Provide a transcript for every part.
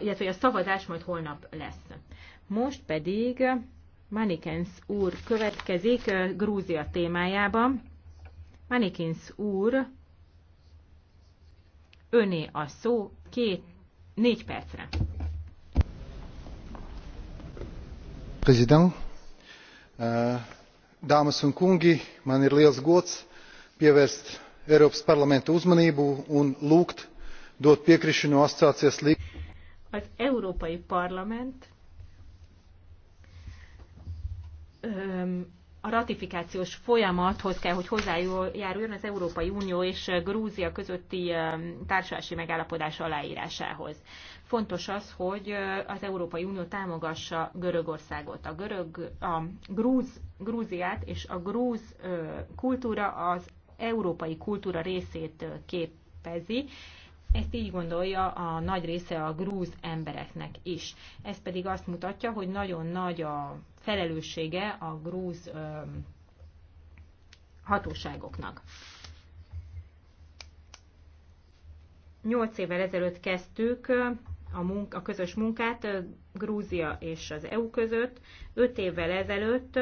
illetve hogy a szavazás majd holnap lesz. Most pedig Manikens úr következik Grúzia témájában. Manikens úr, öné a szó két, négy percre. Prezident, dámas un kungi, man ir liels gods pievērst Eiropas parlamenta uzmanību un lūgt dot piekrišanu asociācijas līgumu az Európai Parlament a ratifikációs folyamathoz kell, hogy hozzájáruljon az Európai Unió és Grúzia közötti társulási megállapodás aláírásához. Fontos az, hogy az Európai Unió támogassa Görögországot, a, görög, a grúz, Grúziát és a grúz kultúra az európai kultúra részét képezi, ezt így gondolja a nagy része a grúz embereknek is. Ez pedig azt mutatja, hogy nagyon nagy a felelőssége a grúz hatóságoknak. Nyolc évvel ezelőtt kezdtük a, munk, a közös munkát Grúzia és az EU között. Öt évvel ezelőtt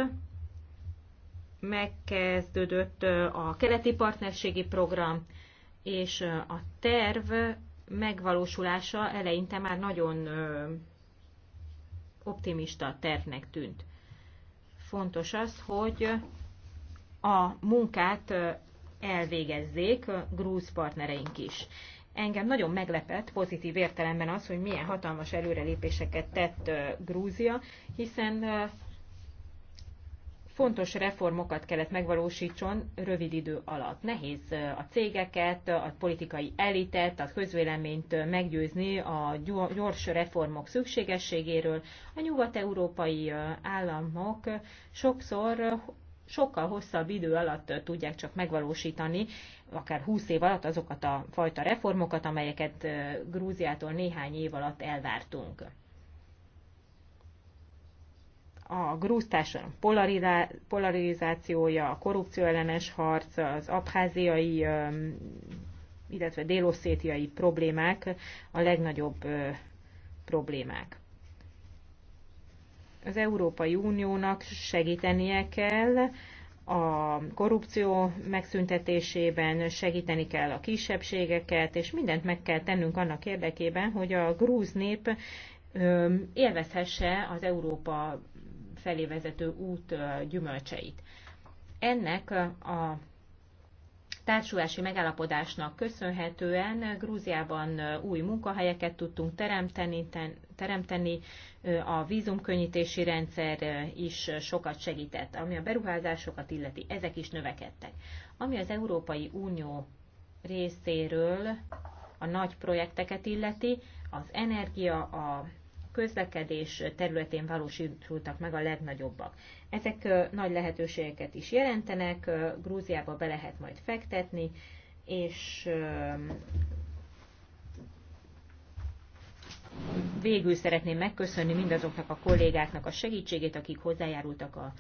megkezdődött a keleti partnerségi program, és a terv megvalósulása eleinte már nagyon optimista tervnek tűnt. Fontos az, hogy a munkát elvégezzék grúz partnereink is. Engem nagyon meglepett pozitív értelemben az, hogy milyen hatalmas előrelépéseket tett Grúzia, hiszen fontos reformokat kellett megvalósítson rövid idő alatt. Nehéz a cégeket, a politikai elitet, a közvéleményt meggyőzni a gyors reformok szükségességéről. A nyugat-európai államok sokszor sokkal hosszabb idő alatt tudják csak megvalósítani, akár 20 év alatt azokat a fajta reformokat, amelyeket Grúziától néhány év alatt elvártunk a grúz társadalom polarizációja, a korrupcióellenes harc, az abháziai, illetve délosszétiai problémák a legnagyobb problémák. Az Európai Uniónak segítenie kell a korrupció megszüntetésében, segíteni kell a kisebbségeket, és mindent meg kell tennünk annak érdekében, hogy a grúz nép élvezhesse az Európa felé vezető út gyümölcseit. Ennek a társulási megállapodásnak köszönhetően Grúziában új munkahelyeket tudtunk teremteni, teremteni a vízumkönnyítési rendszer is sokat segített, ami a beruházásokat illeti, ezek is növekedtek. Ami az Európai Unió részéről a nagy projekteket illeti, az energia, a közlekedés területén valósultak meg a legnagyobbak. Ezek nagy lehetőségeket is jelentenek, Grúziába be lehet majd fektetni, és végül szeretném megköszönni mindazoknak a kollégáknak a segítségét, akik hozzájárultak a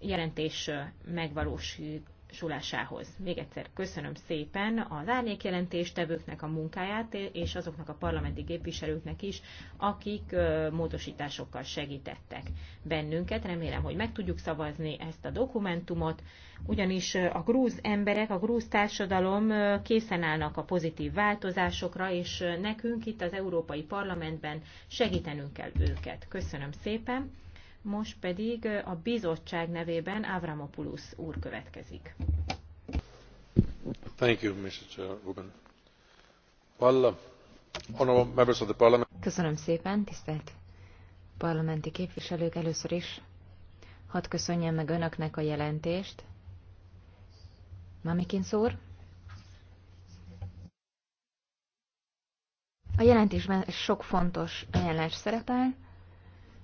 jelentés megvalósításához megvalósulásához. Még egyszer köszönöm szépen az árnyékjelentéstevőknek a munkáját, és azoknak a parlamenti képviselőknek is, akik módosításokkal segítettek bennünket. Remélem, hogy meg tudjuk szavazni ezt a dokumentumot, ugyanis a grúz emberek, a grúz társadalom készen állnak a pozitív változásokra, és nekünk itt az Európai Parlamentben segítenünk kell őket. Köszönöm szépen! Most pedig a bizottság nevében Avramopoulos úr következik. Thank you, Mr. Rubin. Well, uh, honorable members of the parliament. Köszönöm szépen, tisztelt parlamenti képviselők. Először is hadd köszönjem meg önöknek a jelentést. Mamikin szór? A jelentésben sok fontos ajánlás szerepel,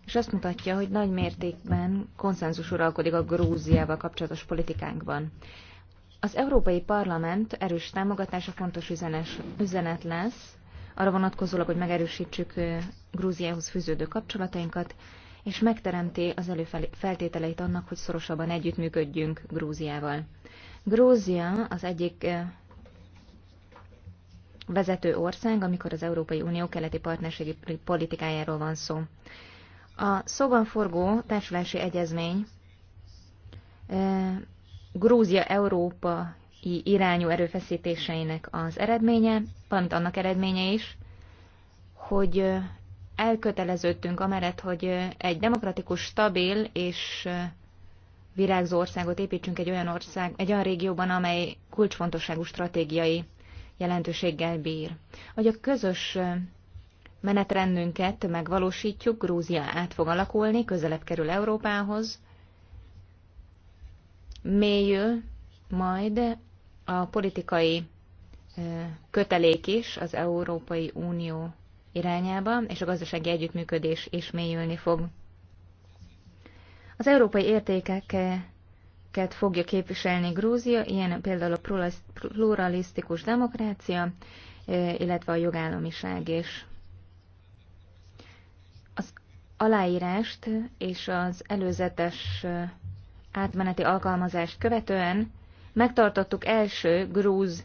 és azt mutatja, hogy nagy mértékben konszenzus uralkodik a Grúziával kapcsolatos politikánkban. Az Európai Parlament erős támogatása fontos üzenes, üzenet lesz, arra vonatkozólag, hogy megerősítsük Grúziához fűződő kapcsolatainkat, és megteremti az előfeltételeit annak, hogy szorosabban együttműködjünk Grúziával. Grúzia az egyik vezető ország, amikor az Európai Unió keleti partnerségi politikájáról van szó. A szóban forgó társulási egyezmény Grúzia Európai irányú erőfeszítéseinek az eredménye, valamint annak eredménye is, hogy elköteleződtünk amellett, hogy egy demokratikus, stabil és virágzó országot építsünk egy olyan ország, egy olyan régióban, amely kulcsfontosságú stratégiai jelentőséggel bír. Hogy a közös menetrendünket megvalósítjuk, Grúzia át fog alakulni, közelebb kerül Európához, mélyül majd a politikai kötelék is az Európai Unió irányába, és a gazdasági együttműködés is mélyülni fog. Az európai értékeket fogja képviselni Grúzia, ilyen például a pluralisztikus demokrácia, illetve a jogállamiság is aláírást és az előzetes átmeneti alkalmazást követően megtartottuk első grúz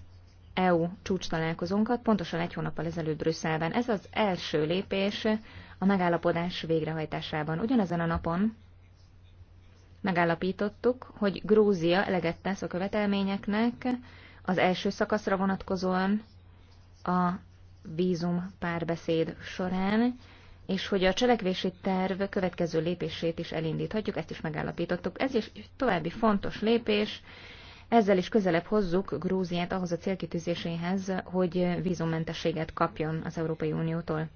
EU csúcs találkozónkat pontosan egy hónappal ezelőtt Brüsszelben. Ez az első lépés a megállapodás végrehajtásában. Ugyanezen a napon megállapítottuk, hogy Grúzia eleget tesz a követelményeknek az első szakaszra vonatkozóan a vízum párbeszéd során, és hogy a cselekvési terv következő lépését is elindíthatjuk, ezt is megállapítottuk. Ez is további fontos lépés, ezzel is közelebb hozzuk Grúziát ahhoz a célkitűzéséhez, hogy vízummentességet kapjon az Európai Uniótól.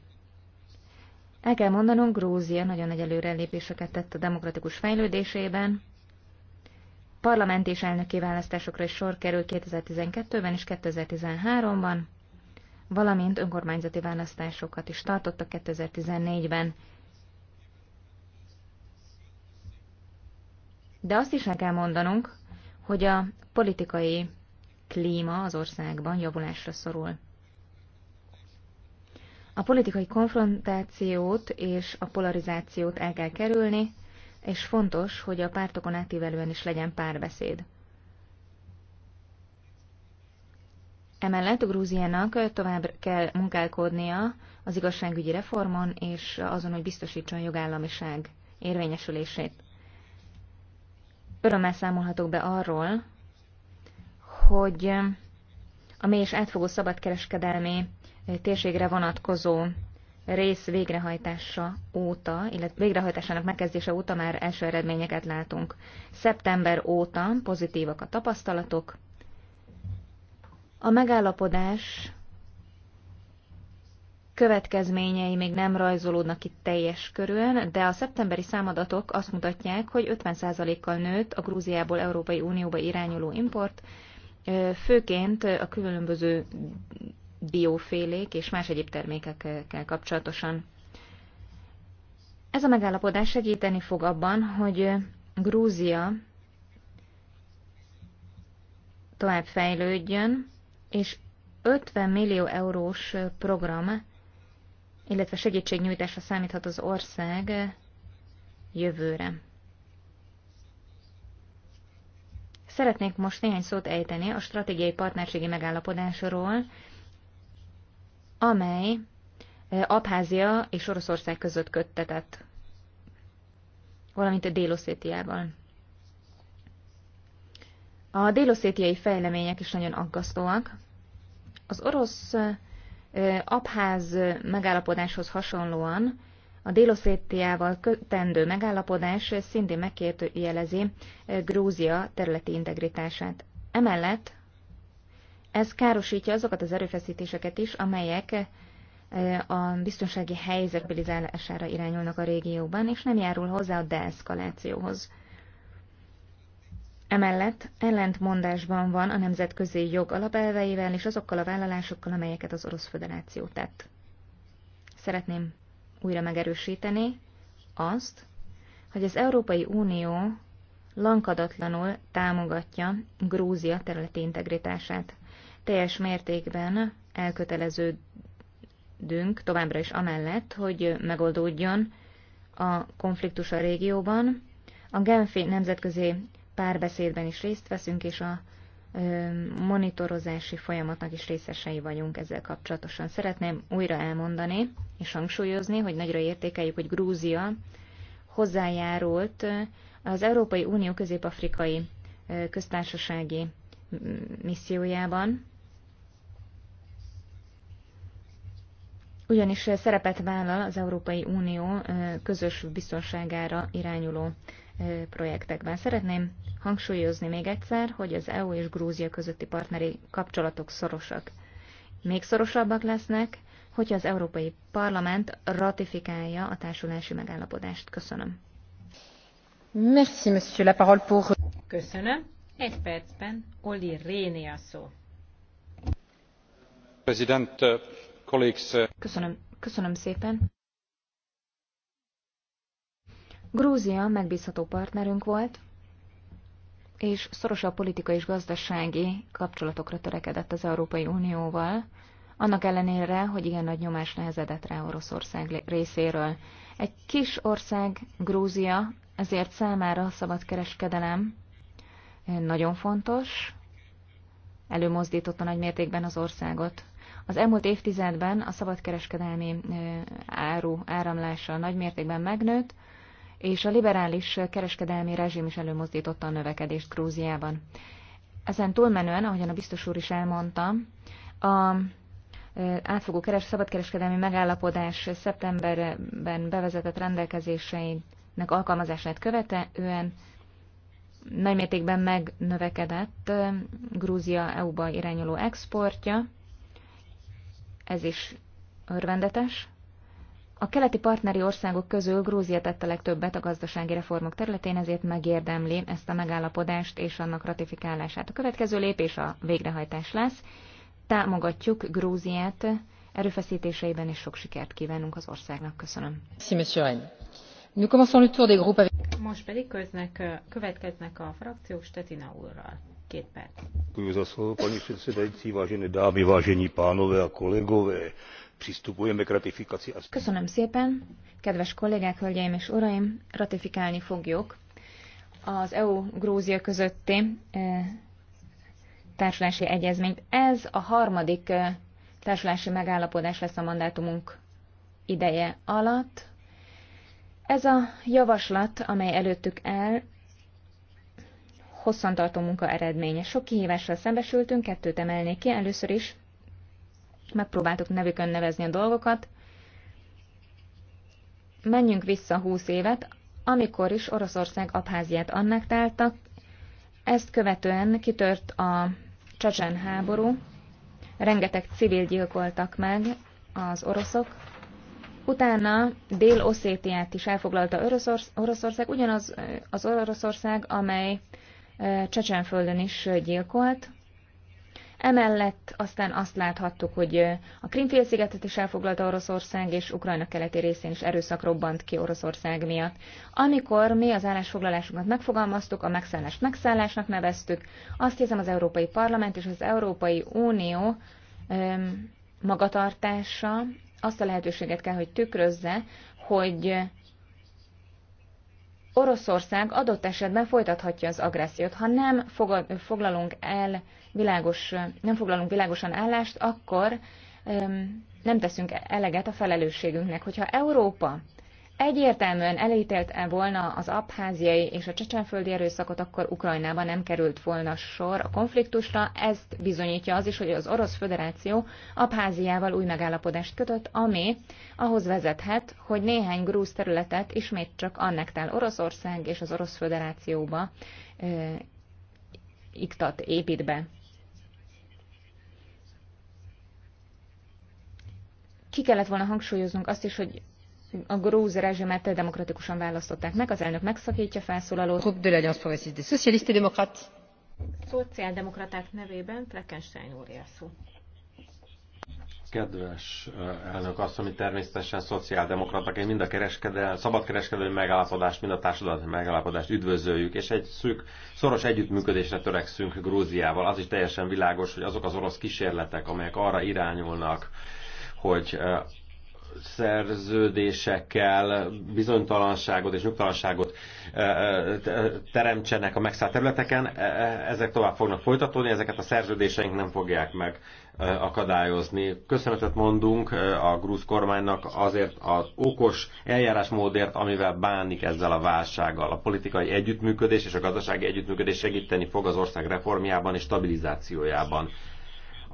El kell mondanom, Grúzia nagyon nagy előrelépéseket tett a demokratikus fejlődésében. Parlament és elnöki választásokra is sor kerül 2012-ben és 2013-ban valamint önkormányzati választásokat is tartottak 2014-ben. De azt is el kell mondanunk, hogy a politikai klíma az országban javulásra szorul. A politikai konfrontációt és a polarizációt el kell kerülni, és fontos, hogy a pártokon átívelően is legyen párbeszéd. Emellett Grúziának tovább kell munkálkodnia az igazságügyi reformon és azon, hogy biztosítson jogállamiság érvényesülését. Örömmel számolhatok be arról, hogy a mély és átfogó szabadkereskedelmi térségre vonatkozó rész végrehajtása óta, illetve végrehajtásának megkezdése óta már első eredményeket látunk. Szeptember óta pozitívak a tapasztalatok, a megállapodás következményei még nem rajzolódnak itt teljes körülön, de a szeptemberi számadatok azt mutatják, hogy 50%-kal nőtt a Grúziából Európai Unióba irányuló import, főként a különböző biófélék és más egyéb termékekkel kapcsolatosan. Ez a megállapodás segíteni fog abban, hogy Grúzia tovább fejlődjön, és 50 millió eurós program, illetve segítségnyújtásra számíthat az ország jövőre. Szeretnék most néhány szót ejteni a stratégiai partnerségi megállapodásról, amely eh, Abházia és Oroszország között köttetett, valamint a Déloszétiával. A déloszétiai fejlemények is nagyon aggasztóak. Az orosz abház megállapodáshoz hasonlóan a Déloszétiával kötendő megállapodás szintén megkérdőjelezi Grúzia területi integritását. Emellett ez károsítja azokat az erőfeszítéseket is, amelyek a biztonsági helyzet stabilizálására irányulnak a régióban, és nem járul hozzá a deeszkalációhoz. Emellett ellentmondásban van a nemzetközi jog alapelveivel és azokkal a vállalásokkal, amelyeket az Orosz Föderáció tett. Szeretném újra megerősíteni azt, hogy az Európai Unió lankadatlanul támogatja Grúzia területi integritását. Teljes mértékben elköteleződünk továbbra is amellett, hogy megoldódjon a konfliktus a régióban. A Genfi Nemzetközi párbeszédben is részt veszünk, és a monitorozási folyamatnak is részesei vagyunk ezzel kapcsolatosan. Szeretném újra elmondani és hangsúlyozni, hogy nagyra értékeljük, hogy Grúzia hozzájárult az Európai Unió közép-afrikai köztársasági missziójában, ugyanis szerepet vállal az Európai Unió közös biztonságára irányuló projektekben. Szeretném hangsúlyozni még egyszer, hogy az EU és Grúzia közötti partneri kapcsolatok szorosak. Még szorosabbak lesznek, hogyha az Európai Parlament ratifikálja a társulási megállapodást. Köszönöm. Merci, monsieur. La parole pour... Köszönöm. Egy percben Oli Réni a szó. Uh, uh, köszönöm. Köszönöm szépen. Grúzia megbízható partnerünk volt, és szorosabb politikai és gazdasági kapcsolatokra törekedett az Európai Unióval, annak ellenére, hogy igen nagy nyomás nehezedett rá Oroszország részéről. Egy kis ország, Grúzia, ezért számára a szabadkereskedelem nagyon fontos, előmozdította nagy mértékben az országot. Az elmúlt évtizedben a szabadkereskedelmi áru áramlása nagy mértékben megnőtt, és a liberális kereskedelmi rezsim is előmozdította a növekedést Grúziában. Ezen túlmenően, ahogyan a biztos úr is elmondta, a átfogó keres, szabadkereskedelmi megállapodás szeptemberben bevezetett rendelkezéseinek alkalmazását követően nagymértékben megnövekedett Grúzia EU-ba irányuló exportja. Ez is örvendetes. A keleti partneri országok közül Grúzia tette legtöbbet a gazdasági reformok területén, ezért megérdemli ezt a megállapodást és annak ratifikálását. A következő lépés a végrehajtás lesz. Támogatjuk Grúziát erőfeszítéseiben, és sok sikert kívánunk az országnak. Köszönöm. Most pedig köznek, következnek a frakciók Stetina úrral. Két perc. Děkuji za slovo, paní předsedající, vážené dámy, vážení pánové a kolegové. Köszönöm szépen, kedves kollégák, hölgyeim és uraim, ratifikálni fogjuk az EU-Grúzia közötti társulási egyezményt. Ez a harmadik társulási megállapodás lesz a mandátumunk ideje alatt. Ez a javaslat, amely előttük el, hosszantartó munka eredménye. Sok kihívással szembesültünk, kettőt emelnék ki. Először is megpróbáltuk nevükön nevezni a dolgokat. Menjünk vissza húsz évet, amikor is Oroszország Abháziát annektáltak, ezt követően kitört a Csacsen háború, rengeteg civil gyilkoltak meg az oroszok, utána Dél-Oszétiát is elfoglalta Oroszország, ugyanaz az Oroszország, amely Csecsenföldön is gyilkolt, Emellett aztán azt láthattuk, hogy a Krimfélszigetet is elfoglalta Oroszország, és Ukrajna keleti részén is erőszak robbant ki Oroszország miatt. Amikor mi az állásfoglalásunkat megfogalmaztuk, a megszállást megszállásnak neveztük, azt hiszem az Európai Parlament és az Európai Unió magatartása azt a lehetőséget kell, hogy tükrözze, hogy Oroszország adott esetben folytathatja az agressziót. Ha nem foglalunk el világos, nem foglalunk világosan állást, akkor nem teszünk eleget a felelősségünknek. Hogyha Európa egyértelműen elítélte volna az abháziai és a csecsenföldi erőszakot, akkor Ukrajnában nem került volna sor a konfliktusra. Ezt bizonyítja az is, hogy az Orosz Föderáció Abháziával új megállapodást kötött, ami ahhoz vezethet, hogy néhány grúz területet ismét csak annektál Oroszország és az Orosz Föderációba e, iktat, épít be. Ki kellett volna hangsúlyoznunk azt is, hogy a grúz rezsimet demokratikusan választották meg, az elnök megszakítja felszólalót. Groupe de l'Alliance progressiste des socialistes et démocrates. Szociáldemokraták nevében Fleckenstein úr szó. Kedves elnök azt ami természetesen én mind a kereskedelmi, szabadkereskedelmi megállapodást, mind a társadalmi megállapodást üdvözöljük, és egy szűk, szoros együttműködésre törekszünk Grúziával. Az is teljesen világos, hogy azok az orosz kísérletek, amelyek arra irányulnak, hogy szerződésekkel bizonytalanságot és nyugtalanságot teremtsenek a megszállt területeken, e, e, ezek tovább fognak folytatódni, ezeket a szerződéseink nem fogják meg akadályozni. Köszönetet mondunk a grúz kormánynak azért az okos eljárásmódért, amivel bánik ezzel a válsággal. A politikai együttműködés és a gazdasági együttműködés segíteni fog az ország reformjában és stabilizációjában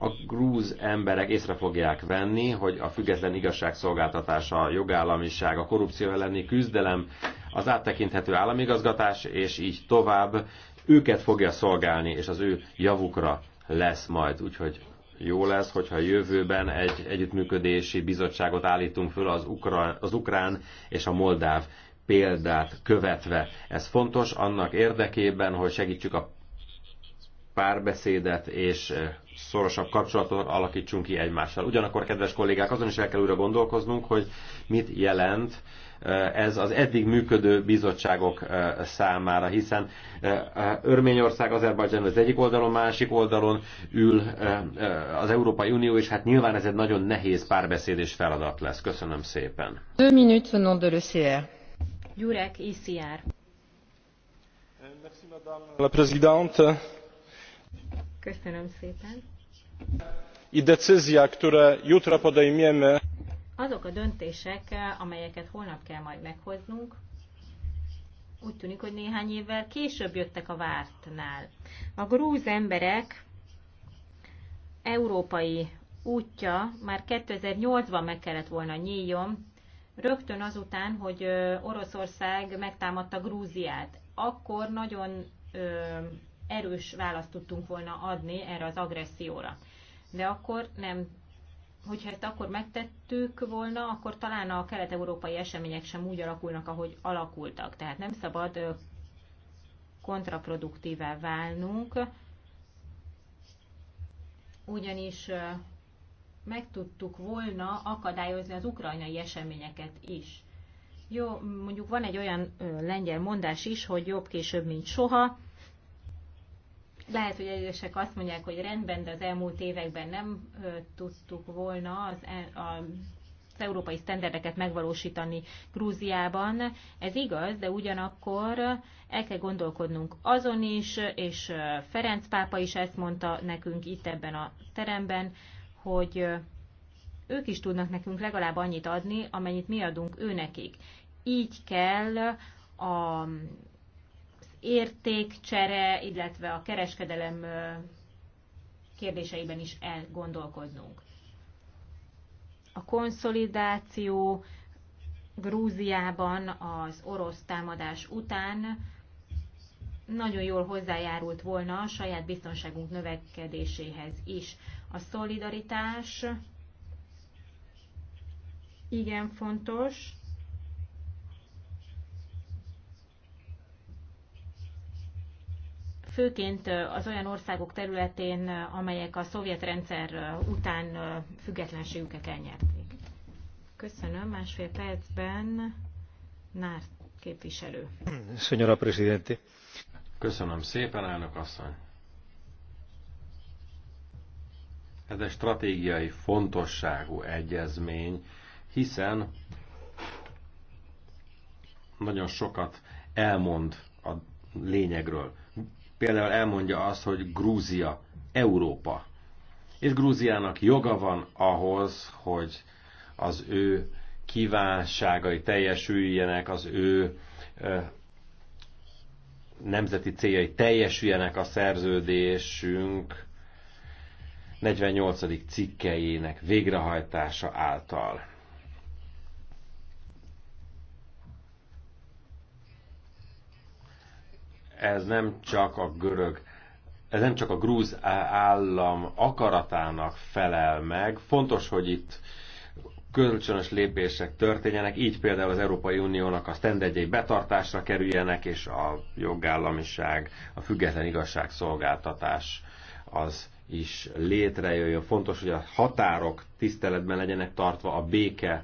a grúz emberek észre fogják venni, hogy a független igazságszolgáltatása, a jogállamiság, a korrupció elleni küzdelem, az áttekinthető államigazgatás, és így tovább őket fogja szolgálni, és az ő javukra lesz majd. Úgyhogy jó lesz, hogyha jövőben egy együttműködési bizottságot állítunk föl az, ukra, az ukrán és a moldáv példát követve. Ez fontos annak érdekében, hogy segítsük a párbeszédet és eh, szorosabb kapcsolatot alakítsunk ki egymással. Ugyanakkor, kedves kollégák, azon is el kell újra gondolkoznunk, hogy mit jelent eh, ez az eddig működő bizottságok eh, számára, hiszen Örményország, Azerbajdzsán az egyik oldalon, másik oldalon ül az Európai Unió, és hát nyilván ez egy nagyon nehéz párbeszéd és feladat lesz. Köszönöm szépen. Gyurek, ICR. Merci, madame la présidente. Köszönöm szépen. I decyzja, które jutro podejmiemy. Azok a döntések, amelyeket holnap kell majd meghoznunk, úgy tűnik, hogy néhány évvel később jöttek a vártnál. A grúz emberek európai útja már 2008-ban meg kellett volna nyíljon, rögtön azután, hogy Oroszország megtámadta Grúziát. Akkor nagyon erős választ tudtunk volna adni erre az agresszióra. De akkor nem, hogyha ezt akkor megtettük volna, akkor talán a kelet-európai események sem úgy alakulnak, ahogy alakultak. Tehát nem szabad kontraproduktívá válnunk, ugyanis meg tudtuk volna akadályozni az ukrajnai eseményeket is. Jó, mondjuk van egy olyan lengyel mondás is, hogy jobb később, mint soha, lehet, hogy egyesek azt mondják, hogy rendben, de az elmúlt években nem tudtuk volna az, a e, az európai sztenderdeket megvalósítani Grúziában. Ez igaz, de ugyanakkor el kell gondolkodnunk azon is, és Ferenc pápa is ezt mondta nekünk itt ebben a teremben, hogy ők is tudnak nekünk legalább annyit adni, amennyit mi adunk őnekig. Így kell a értékcsere, illetve a kereskedelem kérdéseiben is elgondolkodnunk. A konszolidáció Grúziában az orosz támadás után nagyon jól hozzájárult volna a saját biztonságunk növekedéséhez is. A szolidaritás igen fontos, főként az olyan országok területén, amelyek a szovjet rendszer után függetlenségüket elnyerték. Köszönöm. Másfél percben Nár képviselő. Szenyora prezidenti. Köszönöm szépen, elnök asszony. Ez egy stratégiai fontosságú egyezmény, hiszen nagyon sokat elmond a lényegről például elmondja azt, hogy Grúzia Európa. És Grúziának joga van ahhoz, hogy az ő kívánságai teljesüljenek, az ő nemzeti céljai teljesüljenek a szerződésünk 48. cikkejének végrehajtása által. ez nem csak a görög ez nem csak a grúz állam akaratának felel meg, fontos, hogy itt kölcsönös lépések történjenek, így például az Európai Uniónak a sztendegyei betartásra kerüljenek, és a jogállamiság, a független igazságszolgáltatás az is létrejöjjön. Fontos, hogy a határok tiszteletben legyenek tartva, a béke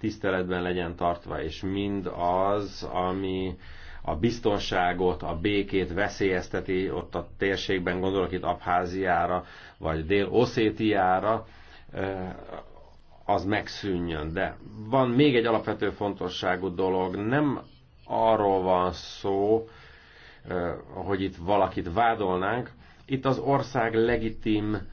tiszteletben legyen tartva, és mind az, ami a biztonságot, a békét veszélyezteti ott a térségben, gondolok itt Abháziára, vagy Dél-Oszétiára, az megszűnjön. De van még egy alapvető fontosságú dolog, nem arról van szó, hogy itt valakit vádolnánk, itt az ország legitim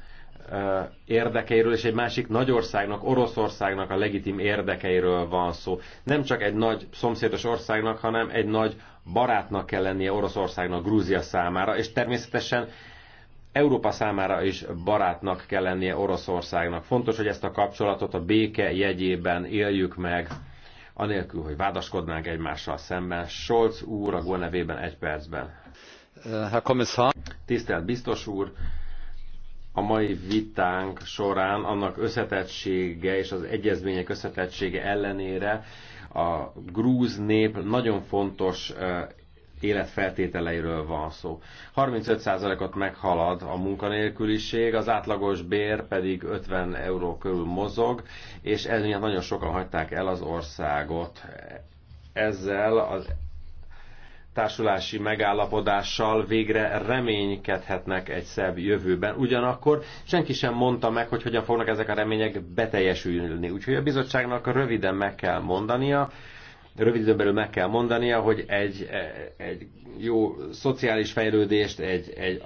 érdekeiről, és egy másik nagy országnak, Oroszországnak a legitim érdekeiről van szó. Nem csak egy nagy szomszédos országnak, hanem egy nagy barátnak kell lennie Oroszországnak Grúzia számára, és természetesen Európa számára is barátnak kell lennie Oroszországnak. Fontos, hogy ezt a kapcsolatot a béke jegyében éljük meg, anélkül, hogy vádaskodnánk egymással szemben. Scholz úr a nevében egy percben. Herr Kommissar. Tisztelt biztos úr, a mai vitánk során annak összetettsége és az egyezmények összetettsége ellenére a grúz nép nagyon fontos életfeltételeiről van szó. 35%-ot meghalad a munkanélküliség, az átlagos bér pedig 50 euró körül mozog, és ez miatt nagyon sokan hagyták el az országot. Ezzel az társulási megállapodással végre reménykedhetnek egy szebb jövőben. Ugyanakkor senki sem mondta meg, hogy hogyan fognak ezek a remények beteljesülni. Úgyhogy a bizottságnak röviden meg kell mondania, rövid időn belül meg kell mondania, hogy egy, egy jó szociális fejlődést, egy, egy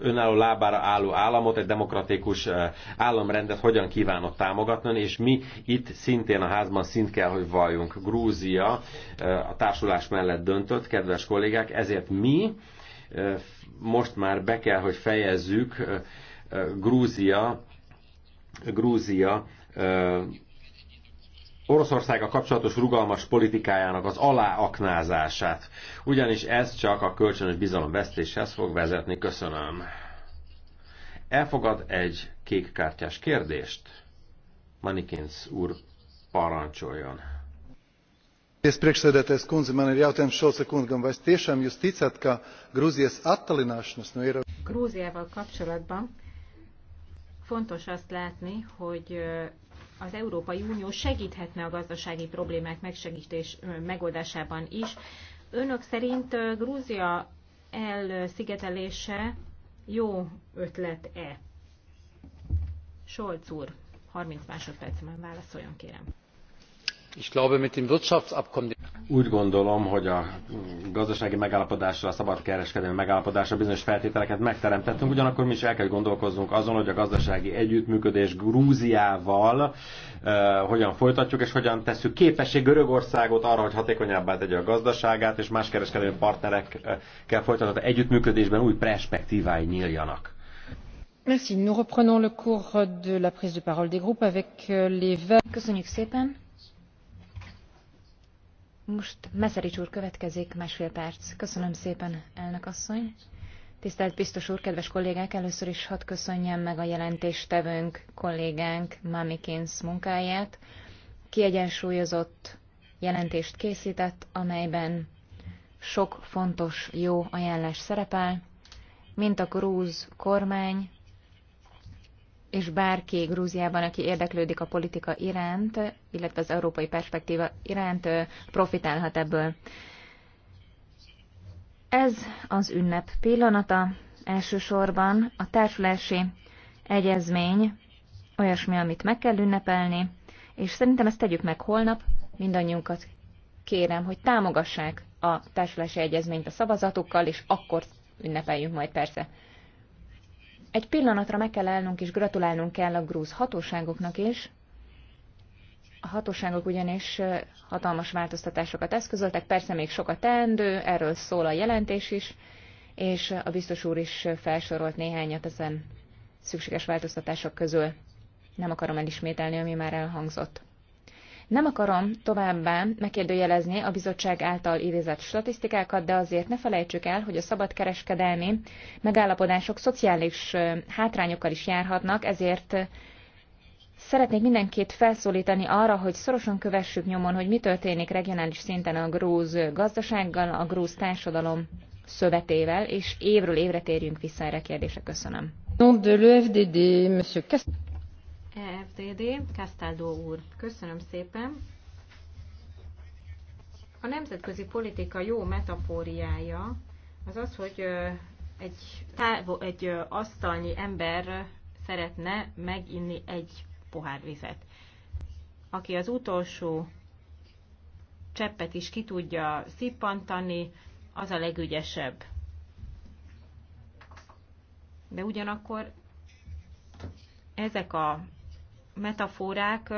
önálló lábára álló államot, egy demokratikus eh, államrendet hogyan kívánott támogatni, és mi itt szintén a házban szint kell, hogy valljunk. Grúzia eh, a társulás mellett döntött, kedves kollégák, ezért mi eh, most már be kell, hogy fejezzük Grúzia, Grúzia Oroszországa kapcsolatos rugalmas politikájának az aláaknázását, ugyanis ez csak a kölcsönös bizalom vesztéshez fog vezetni. Köszönöm. Elfogad egy kékkártyás kérdést? Manikins úr parancsoljon. Paldies, priekšsēdētājs ez man ir jautājums Šolca kungam. Vai tiešām jūs ticat, ka Grūzijas Grúziával kapcsolatban fontos azt látni, hogy az Európai Unió segíthetne a gazdasági problémák megsegítés megoldásában is. Önök szerint Grúzia elszigetelése jó ötlet-e? Solc úr, 30 másodpercben válaszoljon kérem. Úgy gondolom, hogy a gazdasági megállapodásra, a szabadkereskedelmi megállapodásra bizonyos feltételeket megteremtettünk, ugyanakkor mi is el kell gondolkoznunk azon, hogy a gazdasági együttműködés Grúziával e, hogyan folytatjuk, és hogyan tesszük képessé Görögországot arra, hogy hatékonyabbá tegye a gazdaságát, és más kereskedelmi partnerekkel folytatott együttműködésben új perspektívái nyíljanak köszönjük szépen! Most Meszerics úr következik, másfél perc. Köszönöm szépen, elnök asszony. Tisztelt biztos úr, kedves kollégák, először is hadd köszönjem meg a jelentéstevőnk, kollégánk Kins munkáját. Kiegyensúlyozott jelentést készített, amelyben sok fontos jó ajánlás szerepel, mint a grúz kormány, és bárki Grúziában, aki érdeklődik a politika iránt, illetve az európai perspektíva iránt, profitálhat ebből. Ez az ünnep pillanata. Elsősorban a társulási egyezmény olyasmi, amit meg kell ünnepelni, és szerintem ezt tegyük meg holnap. Mindannyiunkat kérem, hogy támogassák a társulási egyezményt a szavazatukkal, és akkor ünnepeljünk majd persze. Egy pillanatra meg kell állnunk és gratulálnunk kell a grúz hatóságoknak is. A hatóságok ugyanis hatalmas változtatásokat eszközöltek, persze még sokat teendő, erről szól a jelentés is, és a biztos úr is felsorolt néhányat ezen szükséges változtatások közül. Nem akarom elismételni, ami már elhangzott. Nem akarom továbbá megkérdőjelezni a bizottság által idézett statisztikákat, de azért ne felejtsük el, hogy a szabadkereskedelmi megállapodások szociális hátrányokkal is járhatnak, ezért Szeretnék mindenkit felszólítani arra, hogy szorosan kövessük nyomon, hogy mi történik regionális szinten a grúz gazdasággal, a grúz társadalom szövetével, és évről évre térjünk vissza erre a Köszönöm. EFDD, Castaldo úr. Köszönöm szépen. A nemzetközi politika jó metafóriája az az, hogy egy, távo, egy asztalnyi ember szeretne meginni egy pohár vizet. Aki az utolsó cseppet is ki tudja szippantani, az a legügyesebb. De ugyanakkor ezek a metaforák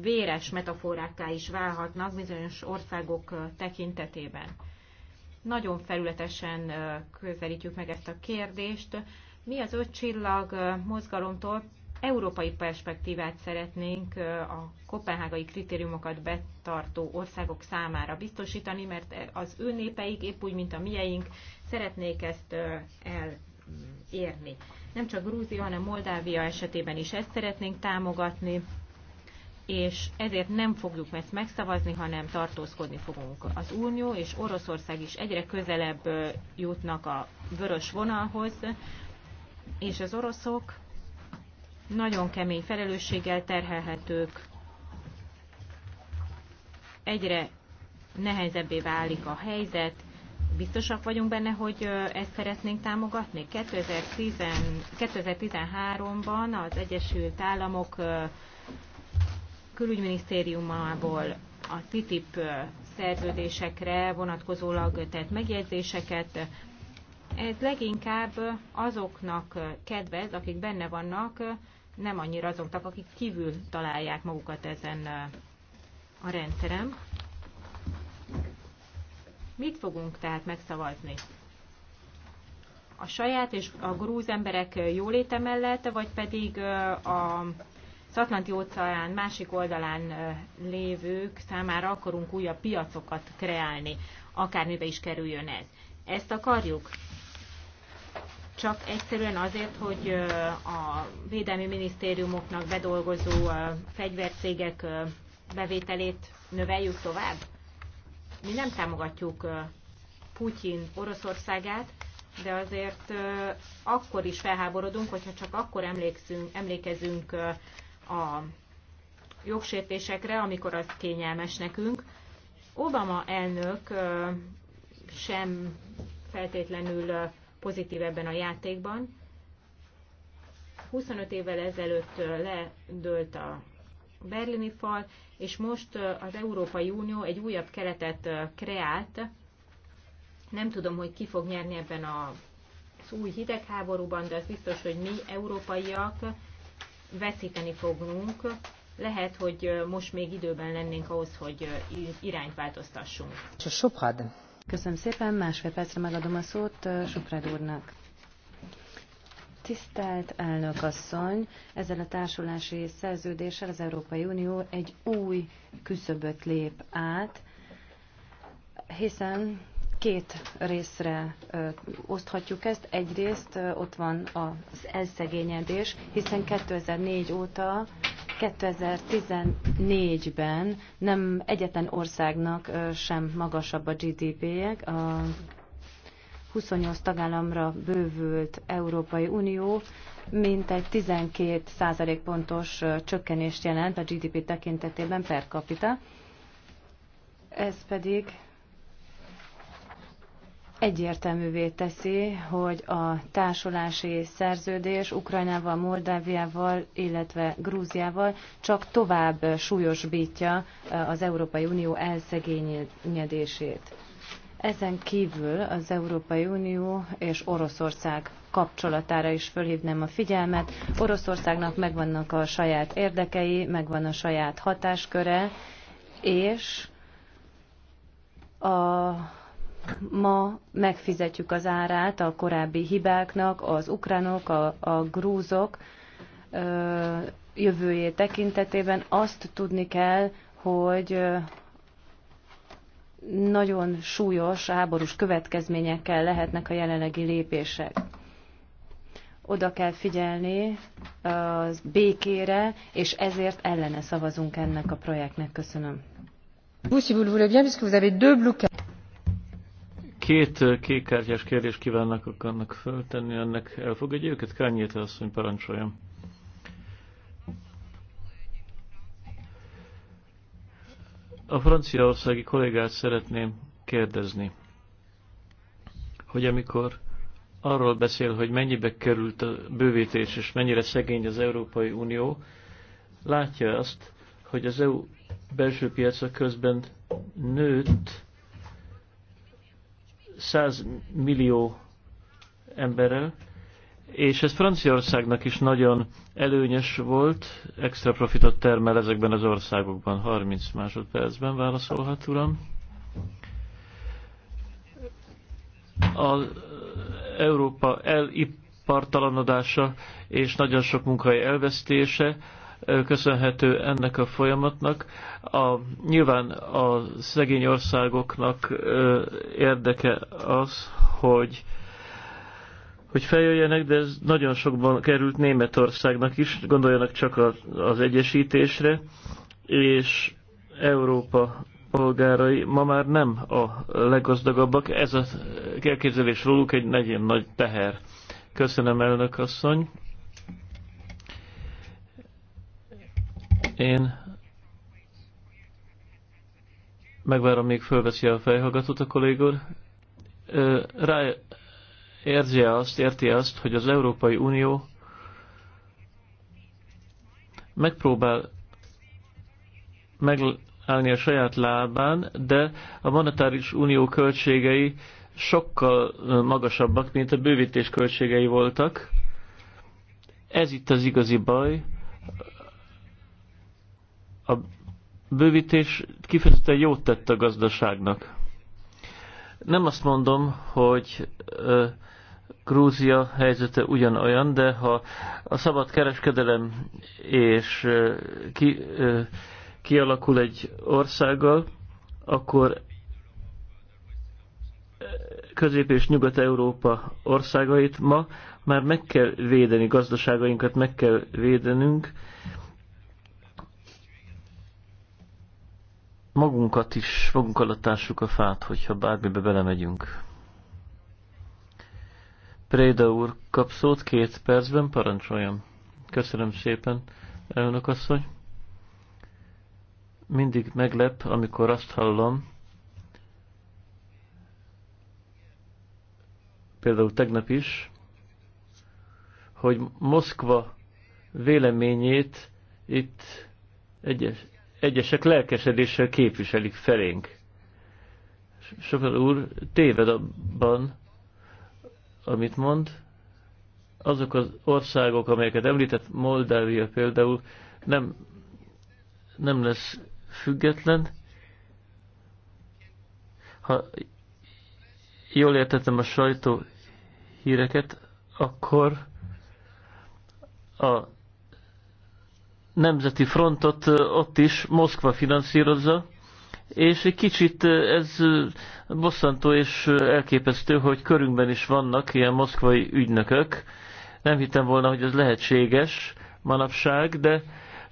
véres metaforákká is válhatnak bizonyos országok tekintetében. Nagyon felületesen közelítjük meg ezt a kérdést. Mi az öt csillag mozgalomtól európai perspektívát szeretnénk a kopenhágai kritériumokat betartó országok számára biztosítani, mert az ő népeik, épp úgy, mint a mieink, szeretnék ezt elérni. Nem csak Grúzia, hanem Moldávia esetében is ezt szeretnénk támogatni, és ezért nem fogjuk ezt megszavazni, hanem tartózkodni fogunk. Az Unió és Oroszország is egyre közelebb jutnak a vörös vonalhoz, és az oroszok nagyon kemény felelősséggel terhelhetők, egyre nehezebbé válik a helyzet, biztosak vagyunk benne, hogy ezt szeretnénk támogatni. 2013-ban az Egyesült Államok külügyminisztériumából a TTIP szerződésekre vonatkozólag tett megjegyzéseket. Ez leginkább azoknak kedvez, akik benne vannak, nem annyira azoknak, akik kívül találják magukat ezen a rendszerem. Mit fogunk tehát megszavazni? A saját és a grúz emberek jóléte mellett, vagy pedig a Szatlanti óceán másik oldalán lévők számára akarunk újabb piacokat kreálni, akármibe is kerüljön ez. Ezt akarjuk? Csak egyszerűen azért, hogy a védelmi minisztériumoknak bedolgozó fegyvercégek bevételét növeljük tovább? Mi nem támogatjuk Putyin Oroszországát, de azért akkor is felháborodunk, hogyha csak akkor emlékszünk, emlékezünk a jogsértésekre, amikor az kényelmes nekünk. Obama elnök sem feltétlenül pozitív ebben a játékban. 25 évvel ezelőtt ledőlt a berlini fal, és most az Európai Unió egy újabb keretet kreált. Nem tudom, hogy ki fog nyerni ebben a az új hidegháborúban, de az biztos, hogy mi, európaiak, veszíteni fognunk. Lehet, hogy most még időben lennénk ahhoz, hogy irányt változtassunk. Köszönöm szépen, másfél percre megadom a szót Soprad úrnak. Tisztelt elnök asszony, ezzel a társulási szerződéssel az Európai Unió egy új küszöböt lép át, hiszen két részre ö, oszthatjuk ezt. Egyrészt ö, ott van az elszegényedés, hiszen 2004 óta 2014-ben nem egyetlen országnak ö, sem magasabb a GDP-je, 28 tagállamra bővült Európai Unió mintegy 12 százalékpontos csökkenést jelent a GDP tekintetében per capita. Ez pedig egyértelművé teszi, hogy a társulási szerződés Ukrajnával, Moldáviával, illetve Grúziával csak tovább súlyosbítja az Európai Unió elszegényedését. Ezen kívül az Európai Unió és Oroszország kapcsolatára is fölhívnám a figyelmet. Oroszországnak megvannak a saját érdekei, megvan a saját hatásköre, és a, ma megfizetjük az árát a korábbi hibáknak, az ukránok, a, a grúzok ö, jövőjét tekintetében. Azt tudni kell, hogy nagyon súlyos háborús következményekkel lehetnek a jelenlegi lépések. Oda kell figyelni a békére, és ezért ellene szavazunk ennek a projektnek. Köszönöm. Két kékkártyás kérdést kívánnak annak föltenni, ennek elfogadja őket? Kányéte asszony parancsoljam. A franciaországi kollégát szeretném kérdezni, hogy amikor arról beszél, hogy mennyibe került a bővítés, és mennyire szegény az Európai Unió, látja azt, hogy az EU belső piaca közben nőtt 100 millió emberrel, és ez Franciaországnak is nagyon előnyes volt, extra profitot termel ezekben az országokban. 30 másodpercben válaszolhat, uram. Az Európa elipartalanodása és nagyon sok munkai elvesztése köszönhető ennek a folyamatnak. A, nyilván a szegény országoknak érdeke az, hogy hogy feljöjjenek, de ez nagyon sokban került Németországnak is, gondoljanak csak az egyesítésre, és Európa polgárai ma már nem a leggazdagabbak. Ez a elképzelés róluk egy nagyon nagy teher. Köszönöm, elnök asszony. Én megvárom, még fölveszi a fejhallgatót a kollégor. Rá érzi -e azt, érti -e azt, hogy az Európai Unió megpróbál megállni a saját lábán, de a monetáris unió költségei sokkal magasabbak, mint a bővítés költségei voltak. Ez itt az igazi baj. A bővítés kifejezetten jót tett a gazdaságnak. Nem azt mondom, hogy Grúzia helyzete ugyanolyan, de ha a szabad kereskedelem és ki, kialakul egy országgal, akkor Közép- és Nyugat-Európa országait ma már meg kell védeni, gazdaságainkat meg kell védenünk, magunkat is, magunk alatt a fát, hogyha bármibe belemegyünk. Préda úr kap szót két percben, parancsoljam. Köszönöm szépen, elnök asszony. Mindig meglep, amikor azt hallom, például tegnap is, hogy Moszkva véleményét itt egyes, egyesek lelkesedéssel képviselik felénk. Sofőr úr téved abban, amit mond, azok az országok, amelyeket említett, Moldávia például nem, nem lesz független. Ha jól értettem a sajtó híreket, akkor a nemzeti frontot ott is Moszkva finanszírozza, és egy kicsit ez bosszantó és elképesztő, hogy körünkben is vannak ilyen moszkvai ügynökök. Nem hittem volna, hogy ez lehetséges manapság, de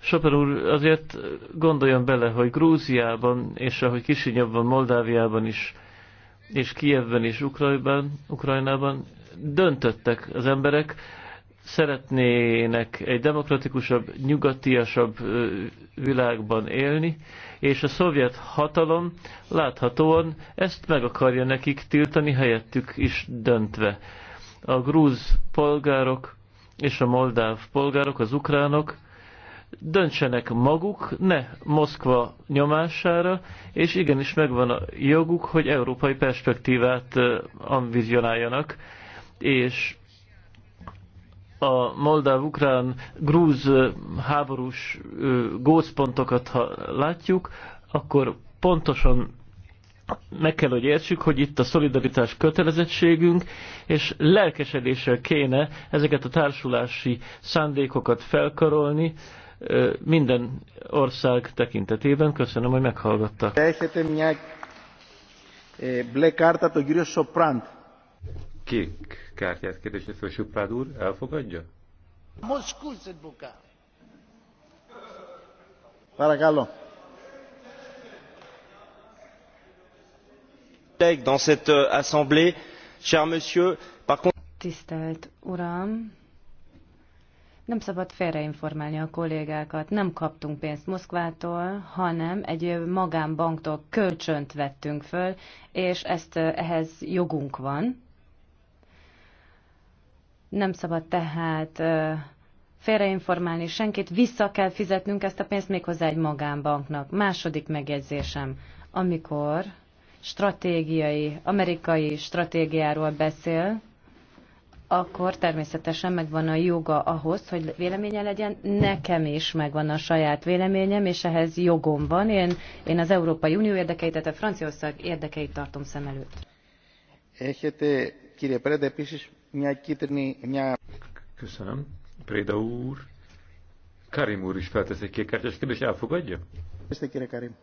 Soper úr azért gondoljon bele, hogy Grúziában és ahogy Kisinyabban, Moldáviában is, és Kijevben is Ukrajnában, Ukrajnában döntöttek az emberek, szeretnének egy demokratikusabb, nyugatiasabb világban élni, és a szovjet hatalom láthatóan ezt meg akarja nekik tiltani, helyettük is döntve. A grúz polgárok és a moldáv polgárok, az ukránok döntsenek maguk, ne Moszkva nyomására, és igenis megvan a joguk, hogy európai perspektívát ambizionáljanak, és a moldáv-ukrán grúz háborús gócpontokat, ha látjuk, akkor pontosan meg kell, hogy értsük, hogy itt a szolidaritás kötelezettségünk, és lelkesedéssel kéne ezeket a társulási szándékokat felkarolni minden ország tekintetében. Köszönöm, hogy meghallgattak kék kártyát kérdésre föl Suprád úr, elfogadja? Moszkulszet buká. Paragallo. Dans cette euh, assemblée, cher monsieur, par contre... Tisztelt Uram, nem szabad félreinformálni a kollégákat. Nem kaptunk pénzt Moszkvától, hanem egy magánbanktól kölcsönt vettünk föl, és ezt ehhez jogunk van. Nem szabad tehát félreinformálni senkit, vissza kell fizetnünk ezt a pénzt méghozzá egy magánbanknak. Második megjegyzésem, amikor stratégiai, amerikai stratégiáról beszél, akkor természetesen megvan a joga ahhoz, hogy véleménye legyen. Nekem is megvan a saját véleményem, és ehhez jogom van. Én, én az Európai Unió érdekeit, tehát a Franciaország érdekeit tartom szem előtt. Έχετε, kire Prede, επίσης Köszönöm. Préda úr. Karim úr is feltesz egy kékkártyás kérdést, elfogadja? Köszönöm, kérek Karim.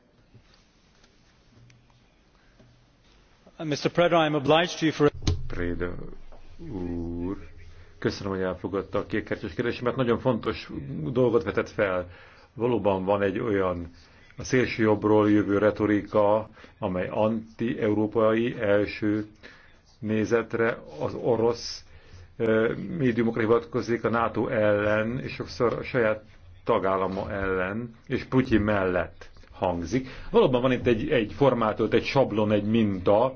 Uh, Mr. Preda, I'm obliged to you for... Préda úr. Köszönöm, hogy elfogadta a kékkártyás kérdést, mert nagyon fontos dolgot vetett fel. Valóban van egy olyan a szélső jobbról jövő retorika, amely anti-európai első nézetre az orosz médiumokra hivatkozik a NATO ellen, és sokszor a saját tagállama ellen, és Putyin mellett hangzik. Valóban van itt egy, egy formátot, egy sablon, egy minta,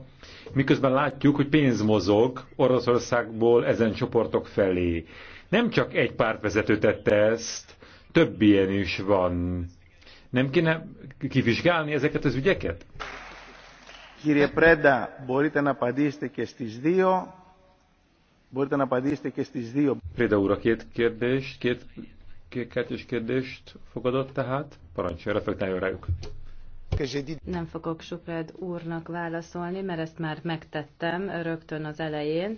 miközben látjuk, hogy pénz mozog Oroszországból ezen csoportok felé. Nem csak egy pártvezető tette ezt, több ilyen is van. Nem kéne kivizsgálni ezeket az ügyeket? Kérje Preda, μπορείτε να απαντήσετε και Μπορείτε να απαντήσετε και στις δύο. Préda úr, a két kérdést, két kettős kérdést fogadott tehát, parancsolja, reflektáljon rájuk. Nem fogok Supred úrnak válaszolni, mert ezt már megtettem rögtön az elején.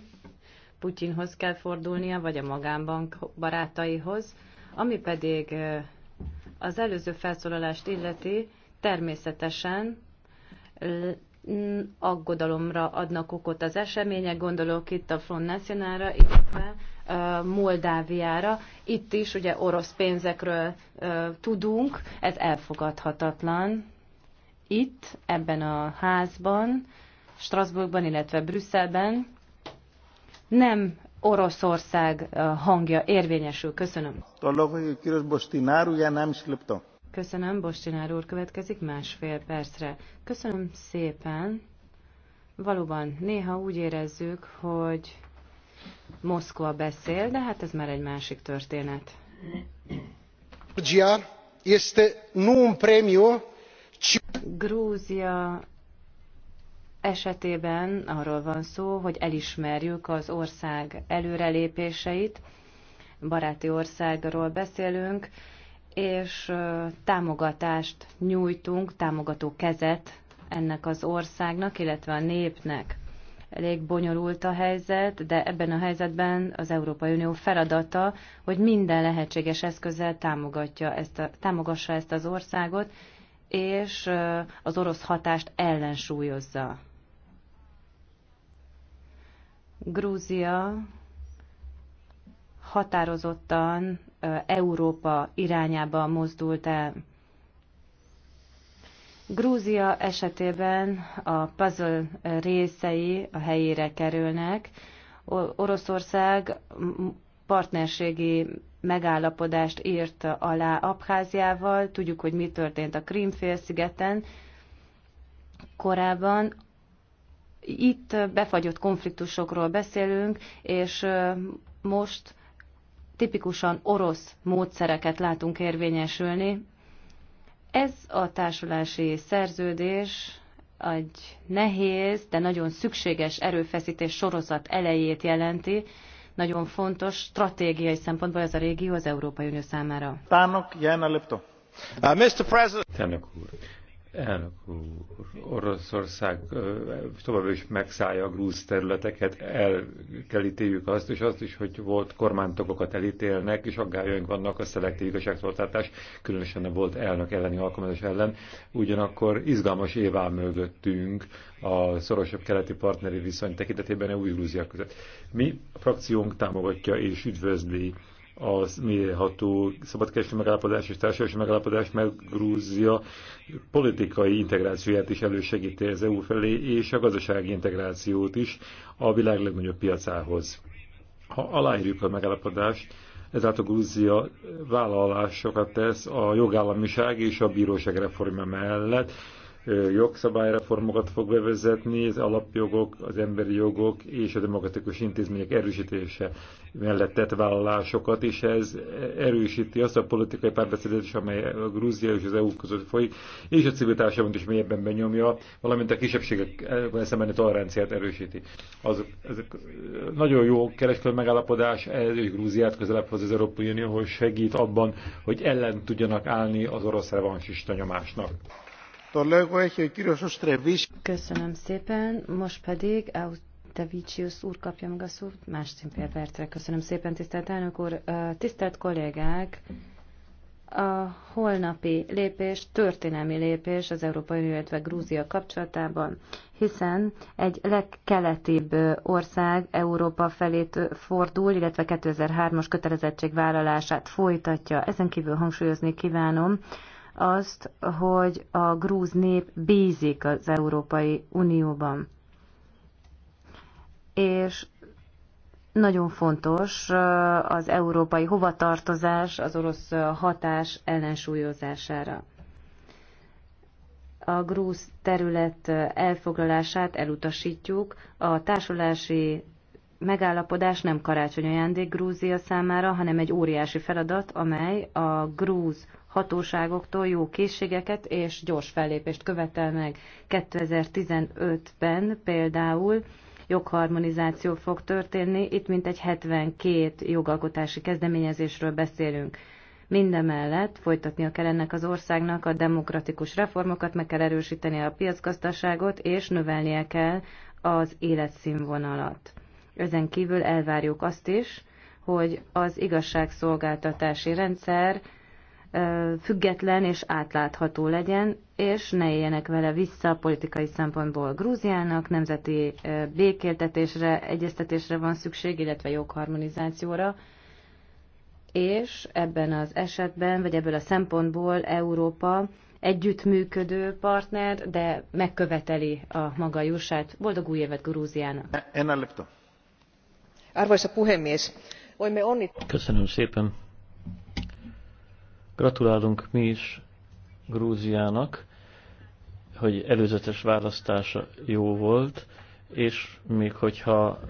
Putyinhoz kell fordulnia, vagy a magánbank barátaihoz. Ami pedig az előző felszólalást illeti, természetesen aggodalomra adnak okot az események, gondolok itt a Front Nationalra, illetve Moldáviára. Itt is ugye orosz pénzekről tudunk, ez elfogadhatatlan. Itt, ebben a házban, Strasbourgban, illetve Brüsszelben nem Oroszország hangja érvényesül. Köszönöm. Tolok, Bostinár, ugye nem is léptem. Köszönöm, Bostinár úr következik másfél percre. Köszönöm szépen. Valóban néha úgy érezzük, hogy Moszkva beszél, de hát ez már egy másik történet. este un premio, Grúzia esetében arról van szó, hogy elismerjük az ország előrelépéseit, baráti országról beszélünk, és támogatást nyújtunk, támogató kezet ennek az országnak, illetve a népnek. Elég bonyolult a helyzet, de ebben a helyzetben az Európai Unió feladata, hogy minden lehetséges eszközzel támogatja ezt a, támogassa ezt az országot, és az orosz hatást ellensúlyozza. Grúzia határozottan Európa irányába mozdult el. Grúzia esetében a puzzle részei a helyére kerülnek. Oroszország partnerségi megállapodást írt alá Abháziával, tudjuk, hogy mi történt a Krímfélszigeten korábban. Itt befagyott konfliktusokról beszélünk, és most tipikusan orosz módszereket látunk érvényesülni. Ez a társulási szerződés egy nehéz, de nagyon szükséges erőfeszítés sorozat elejét jelenti, nagyon fontos stratégiai szempontból ez a régió az Európai Unió számára. Pánok, Ján Lepto. Uh, Mr. President. úr, Elnök úr, Oroszország tovább is megszállja a grúz területeket, el kell ítéljük azt, és azt is, hogy volt kormánytagokat elítélnek, és aggályaink vannak a szelektív igazságszolgáltatás, különösen a volt elnök elleni alkalmazás ellen. Ugyanakkor izgalmas évá mögöttünk a szorosabb keleti partneri viszony tekintetében új grúziak között. Mi a frakciónk támogatja és üdvözli az mélyható szabadkereskedelmi megállapodás és társadalmi megállapodás, mert Grúzia politikai integrációját is elősegíti az EU felé, és a gazdasági integrációt is a világ legnagyobb piacához. Ha aláírjuk a megállapodást, ezáltal Grúzia vállalásokat tesz a jogállamiság és a bíróság reformja mellett, jogszabályreformokat fog bevezetni, az alapjogok, az emberi jogok és a demokratikus intézmények erősítése mellett tett vállalásokat, és ez erősíti azt a politikai párbeszédet is, amely a Grúzia és az EU között folyik, és a civil társadalmat is mélyebben benyomja, valamint a kisebbségek e, e, szembeni toleranciát erősíti. Az, ez nagyon jó kereskedelmi megállapodás, ez és Grúziát közelebb hoz az Európai Unióhoz segít abban, hogy ellen tudjanak állni az orosz revansista nyomásnak. Köszönöm szépen, most pedig Devicius úr kapja meg a szót másfél percre. Köszönöm szépen, tisztelt elnök úr. Tisztelt kollégák, a holnapi lépés történelmi lépés az Európai Unió, illetve Grúzia kapcsolatában, hiszen egy legkeletibb ország Európa felé fordul, illetve 2003-as kötelezettségvállalását folytatja. Ezen kívül hangsúlyozni kívánom, azt, hogy a grúz nép bízik az Európai Unióban. És nagyon fontos uh, az európai hovatartozás az orosz uh, hatás ellensúlyozására. A grúz terület uh, elfoglalását elutasítjuk, a társulási megállapodás nem karácsony ajándék Grúzia számára, hanem egy óriási feladat, amely a grúz hatóságoktól jó készségeket és gyors fellépést követel meg. 2015-ben például jogharmonizáció fog történni, itt mintegy 72 jogalkotási kezdeményezésről beszélünk. Mindemellett folytatnia kell ennek az országnak a demokratikus reformokat, meg kell erősíteni a piacgazdaságot, és növelnie kell az életszínvonalat. Ezen kívül elvárjuk azt is, hogy az igazságszolgáltatási rendszer független és átlátható legyen, és ne éljenek vele vissza politikai szempontból Grúziának, nemzeti békéltetésre, egyeztetésre van szükség, illetve jogharmonizációra, és ebben az esetben, vagy ebből a szempontból Európa együttműködő partner, de megköveteli a maga jussát. Boldog új évet Grúziának! Arvoisa puhemies, voimme onnit... Köszönöm szépen! Gratulálunk mi is Grúziának, hogy előzetes választása jó volt, és még hogyha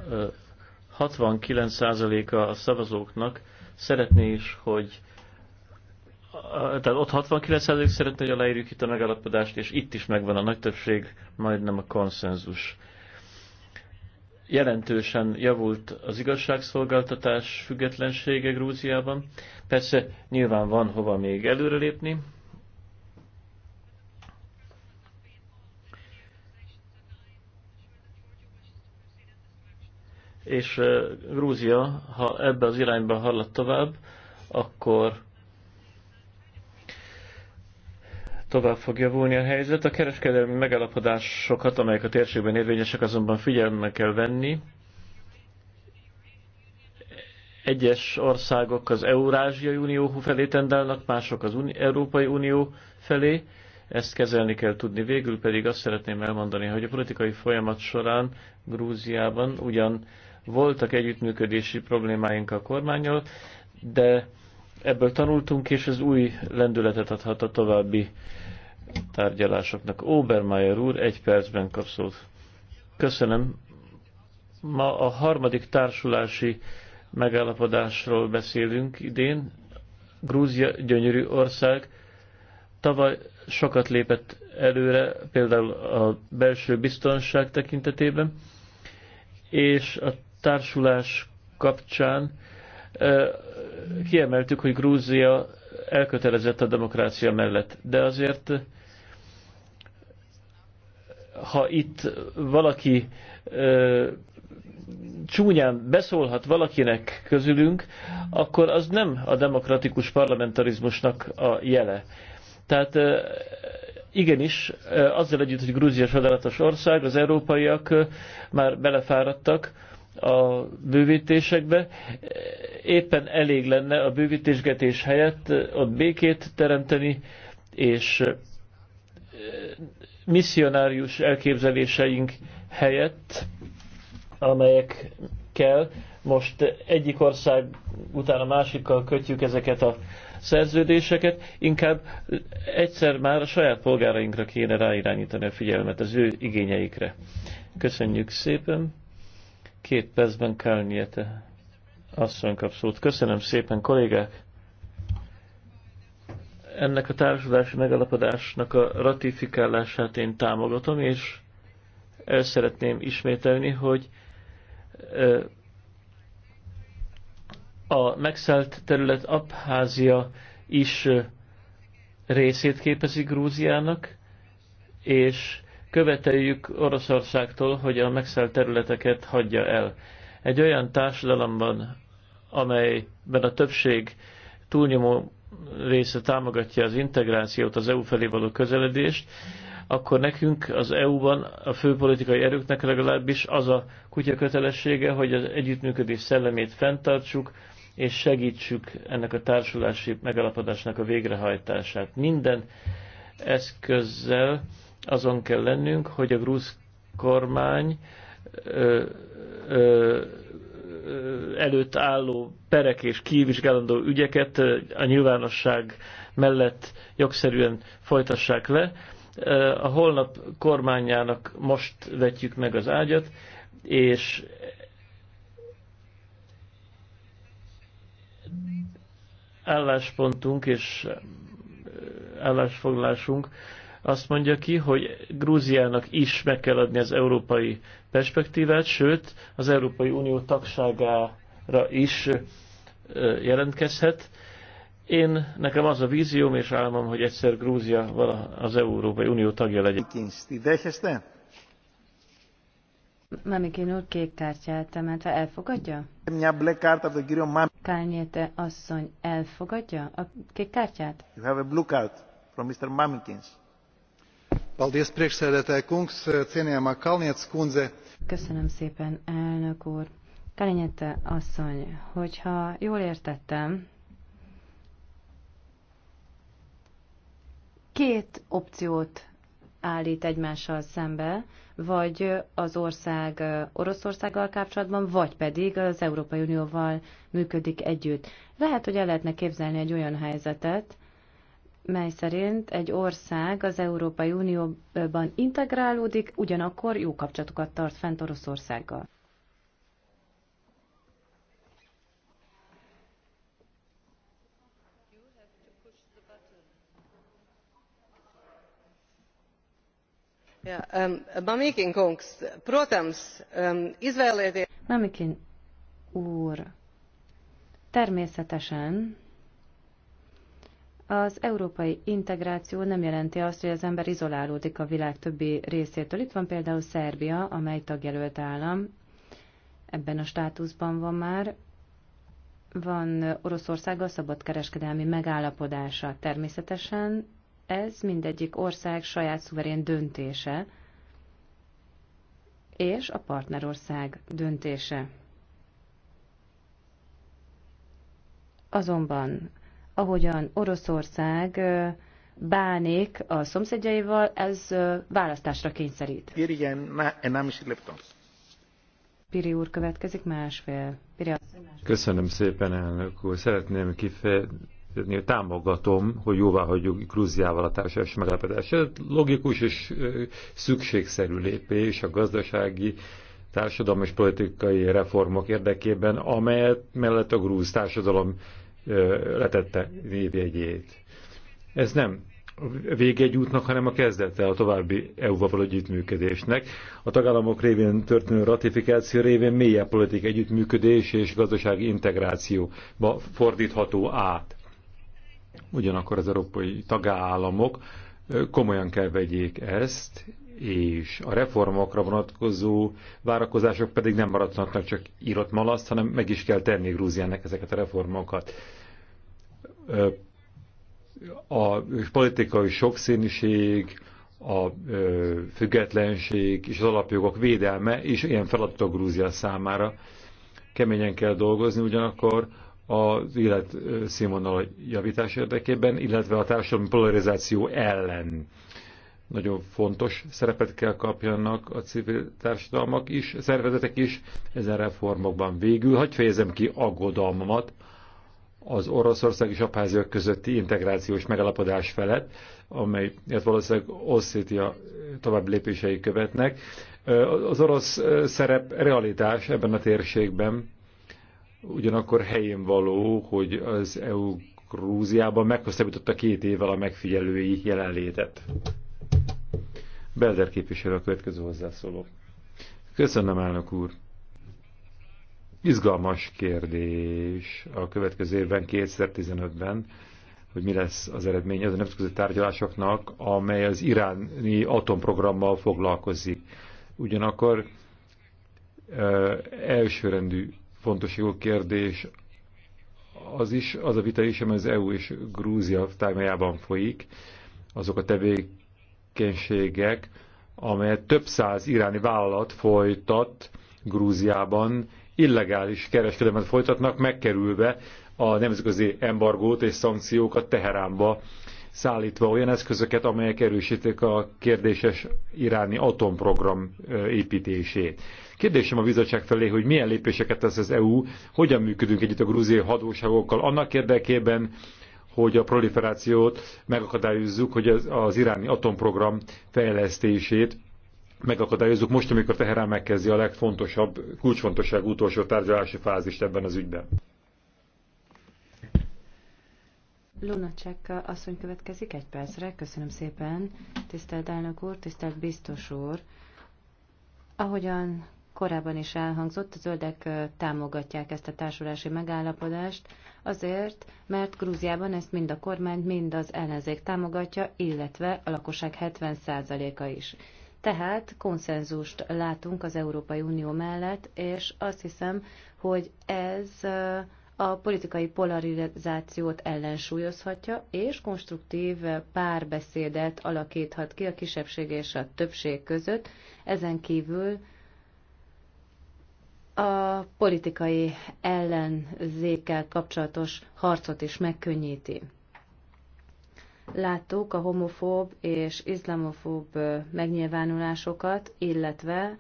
69%-a a szavazóknak szeretné is, hogy tehát ott 69% szeretné, hogy aláírjuk itt a megállapodást, és itt is megvan a nagy többség, majdnem a konszenzus jelentősen javult az igazságszolgáltatás függetlensége Grúziában. Persze nyilván van hova még előrelépni. És eh, Grúzia, ha ebbe az irányba halad tovább, akkor tovább fog javulni a helyzet. A kereskedelmi megalapodásokat, amelyek a térségben érvényesek, azonban figyelme kell venni. Egyes országok az Eurázsiai Unió felé tendálnak, mások az Uni- Európai Unió felé. Ezt kezelni kell tudni. Végül pedig azt szeretném elmondani, hogy a politikai folyamat során Grúziában ugyan voltak együttműködési problémáink a kormányal, de Ebből tanultunk, és ez új lendületet adhat a további tárgyalásoknak. Obermeier úr, egy percben kap Köszönöm. Ma a harmadik társulási megállapodásról beszélünk idén. Grúzia gyönyörű ország. Tavaly sokat lépett előre, például a belső biztonság tekintetében, és a társulás kapcsán Kiemeltük, hogy Grúzia elkötelezett a demokrácia mellett, de azért ha itt valaki csúnyán beszólhat valakinek közülünk, akkor az nem a demokratikus parlamentarizmusnak a jele. Tehát igenis, azzal együtt, hogy Grúzia csodálatos ország, az európaiak már belefáradtak, a bővítésekbe. Éppen elég lenne a bővítésgetés helyett ott békét teremteni, és misszionárius elképzeléseink helyett, amelyekkel most egyik ország után a másikkal kötjük ezeket a szerződéseket, inkább egyszer már a saját polgárainkra kéne ráirányítani a figyelmet, az ő igényeikre. Köszönjük szépen! Két percben kell nyerte. Asszony kapszót. Köszönöm szépen, kollégák! Ennek a társulási megalapodásnak a ratifikálását én támogatom, és el szeretném ismételni, hogy a megszállt terület Abházia is részét képezi Grúziának, és Követeljük Oroszországtól, hogy a megszállt területeket hagyja el. Egy olyan társadalomban, amelyben a többség túlnyomó része támogatja az integrációt, az EU felé való közeledést, akkor nekünk az EU-ban, a főpolitikai erőknek legalábbis az a kutya kötelessége, hogy az együttműködés szellemét fenntartsuk, és segítsük ennek a társulási megalapodásnak a végrehajtását. Minden eszközzel azon kell lennünk, hogy a grúz kormány ö, ö, előtt álló perek és kivizsgálandó ügyeket a nyilvánosság mellett jogszerűen folytassák le. A holnap kormányának most vetjük meg az ágyat, és álláspontunk és állásfoglásunk azt mondja ki, hogy Grúziának is meg kell adni az európai perspektívát, sőt, az Európai Unió tagságára is jelentkezhet. Én, nekem az a vízióm és álmom, hogy egyszer Grúzia az Európai Unió tagja legyen. Mamikin úr kék kártyát emelte, elfogadja? Kárnyéte asszony elfogadja a kék kártyát? You have a blue card from Mr. Mamikins. Paldies, priekšsēdētāja kungs, cienījamā kundze. Köszönöm szépen, elnök úr. Kalinyette asszony, hogyha jól értettem, két opciót állít egymással szembe, vagy az ország Oroszországgal kapcsolatban, vagy pedig az Európai Unióval működik együtt. Lehet, hogy el lehetne képzelni egy olyan helyzetet, mely szerint egy ország az Európai Unióban integrálódik, ugyanakkor jó kapcsolatokat tart fent Oroszországgal. Mamikin um, um, úr, természetesen az európai integráció nem jelenti azt, hogy az ember izolálódik a világ többi részétől. Itt van például Szerbia, amely tagjelölt állam, ebben a státuszban van már. Van Oroszországgal szabadkereskedelmi megállapodása. Természetesen ez mindegyik ország saját szuverén döntése, és a partnerország döntése. Azonban ahogyan Oroszország bánik a szomszédjaival, ez választásra kényszerít. Piri úr következik másfél. Piri Köszönöm szépen, elnök úr. Szeretném kifejezni, támogatom, hogy jóvá hagyjuk Grúziával a társadalmi megállapodást. Ez logikus és szükségszerű lépés a gazdasági társadalmi és politikai reformok érdekében, amelyet mellett a grúz társadalom letette névjegyét. Ez nem vége egy útnak, hanem a kezdete a további EU-val való együttműködésnek. A tagállamok révén történő ratifikáció révén mélyebb politikai együttműködés és gazdasági integrációba fordítható át. Ugyanakkor az európai tagállamok komolyan kell vegyék ezt, és a reformokra vonatkozó várakozások pedig nem maradhatnak csak írott malaszt, hanem meg is kell tenni Grúziának ezeket a reformokat. A politikai sokszínűség, a függetlenség és az alapjogok védelme is ilyen feladatok Grúzia számára. Keményen kell dolgozni ugyanakkor, az életszínvonal javítás érdekében, illetve a társadalmi polarizáció ellen nagyon fontos szerepet kell kapjanak a civil társadalmak is, a szervezetek is ezen reformokban. Végül, hagyj fejezem ki aggodalmamat az Oroszország és Abháziak közötti integrációs megalapodás felett, amelyet valószínűleg Osszétia tovább lépései követnek. Az orosz szerep realitás ebben a térségben ugyanakkor helyén való, hogy az EU Grúziában meghosszabbította két évvel a megfigyelői jelenlétet. Belder képviselő a következő hozzászóló. Köszönöm, elnök úr. Izgalmas kérdés a következő évben, 2015-ben, hogy mi lesz az eredmény az a nemzetközi tárgyalásoknak, amely az iráni atomprogrammal foglalkozik. Ugyanakkor ö, elsőrendű fontosságú kérdés az is, az a vita is, amely az EU és Grúzia tájmájában folyik, azok a tevék tevékenységek, amelyet több száz iráni vállalat folytat Grúziában, illegális kereskedelmet folytatnak, megkerülve a nemzetközi embargót és szankciókat Teheránba szállítva olyan eszközöket, amelyek erősítik a kérdéses iráni atomprogram építését. Kérdésem a bizottság felé, hogy milyen lépéseket tesz az EU, hogyan működünk együtt a grúziai hadóságokkal annak érdekében, hogy a proliferációt megakadályozzuk, hogy az, az iráni atomprogram fejlesztését megakadályozzuk most, amikor Teherán megkezdi a legfontosabb, kulcsfontosság utolsó tárgyalási fázist ebben az ügyben. Lunacek asszony következik egy percre. Köszönöm szépen. Tisztelt elnök úr, tisztelt biztos úr. Ahogyan korábban is elhangzott, a zöldek támogatják ezt a társulási megállapodást, Azért, mert Grúziában ezt mind a kormány, mind az ellenzék támogatja, illetve a lakosság 70%-a is. Tehát konszenzust látunk az Európai Unió mellett, és azt hiszem, hogy ez a politikai polarizációt ellensúlyozhatja, és konstruktív párbeszédet alakíthat ki a kisebbség és a többség között. Ezen kívül a politikai ellenzékkel kapcsolatos harcot is megkönnyíti. Láttuk a homofób és izlamofób megnyilvánulásokat, illetve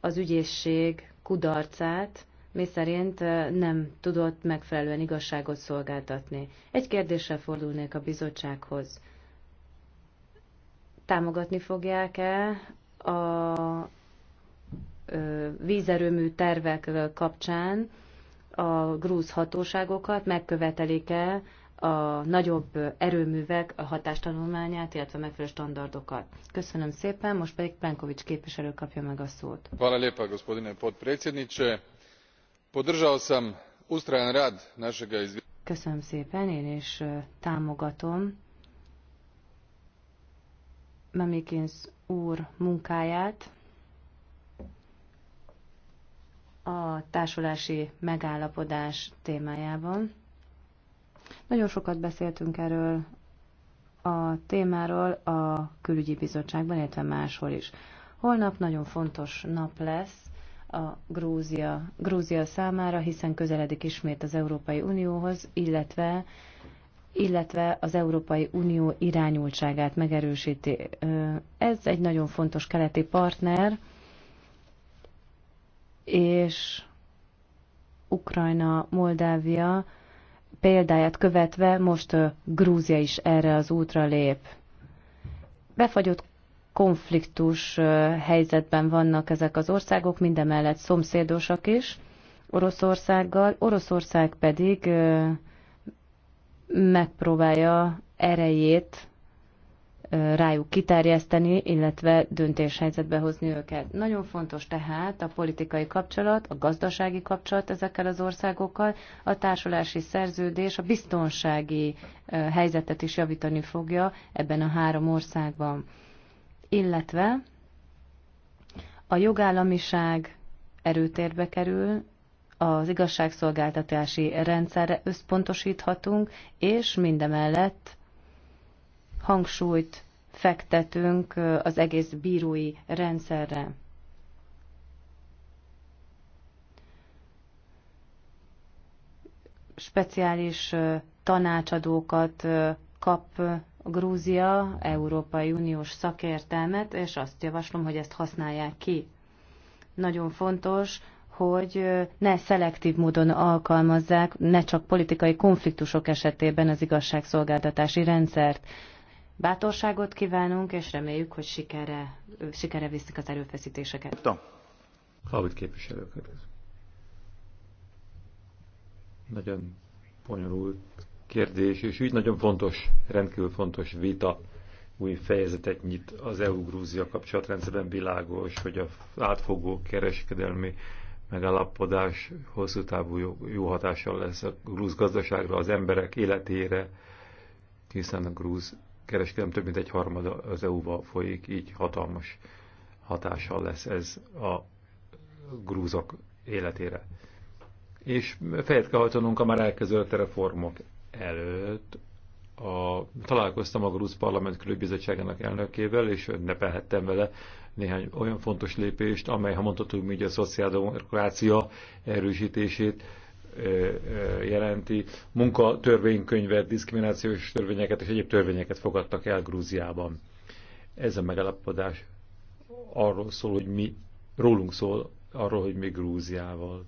az ügyészség kudarcát, szerint nem tudott megfelelően igazságot szolgáltatni. Egy kérdéssel fordulnék a bizottsághoz. Támogatni fogják-e a vízerőmű tervek kapcsán a grúz hatóságokat megkövetelik-e a nagyobb erőművek a hatástanulmányát, illetve megfelelő standardokat. Köszönöm szépen, most pedig Plenkovics képviselő kapja meg a szót. Hvala lijepa, gospodine podpredsjedniče. Podržao sam ustrajan rad našega izvješća. Köszönöm szépen, én is támogatom Mamikins úr munkáját a társulási megállapodás témájában. Nagyon sokat beszéltünk erről a témáról a külügyi bizottságban, illetve máshol is. Holnap nagyon fontos nap lesz a Grúzia, Grúzia számára, hiszen közeledik ismét az Európai Unióhoz, illetve illetve az Európai Unió irányultságát megerősíti. Ez egy nagyon fontos keleti partner, és Ukrajna, Moldávia példáját követve most Grúzia is erre az útra lép. Befagyott konfliktus helyzetben vannak ezek az országok, mindemellett szomszédosak is Oroszországgal, Oroszország pedig megpróbálja erejét rájuk kiterjeszteni, illetve döntéshelyzetbe hozni őket. Nagyon fontos tehát a politikai kapcsolat, a gazdasági kapcsolat ezekkel az országokkal, a társulási szerződés a biztonsági helyzetet is javítani fogja ebben a három országban. Illetve a jogállamiság erőtérbe kerül, az igazságszolgáltatási rendszerre összpontosíthatunk, és mindemellett hangsúlyt fektetünk az egész bírói rendszerre. Speciális tanácsadókat kap Grúzia, Európai Uniós szakértelmet, és azt javaslom, hogy ezt használják ki. Nagyon fontos, hogy ne szelektív módon alkalmazzák, ne csak politikai konfliktusok esetében az igazságszolgáltatási rendszert. Bátorságot kívánunk, és reméljük, hogy sikere, sikere viszik az erőfeszítéseket. Havit képviselő következő. Nagyon bonyolult kérdés, és úgy nagyon fontos, rendkívül fontos vita új fejezetet nyit az EU-Grúzia kapcsolatrendszerben világos, hogy a átfogó kereskedelmi megállapodás hosszú távú jó, jó hatással lesz a grúz gazdaságra, az emberek életére, hiszen a grúz kereskedelem több mint egy harmada az EU-val folyik, így hatalmas hatással lesz ez a grúzok életére. És fejet kell hajtanunk a már elkezdődött reformok előtt. A, találkoztam a Grúz Parlament Külügybizottságának elnökével, és ünnepelhettem vele néhány olyan fontos lépést, amely, ha mondhatunk, hogy a szociáldemokrácia erősítését jelenti. Munkatörvénykönyvet, diszkriminációs törvényeket és egyéb törvényeket fogadtak el Grúziában. Ez a megállapodás arról szól, hogy mi rólunk szól, arról, hogy mi Grúziával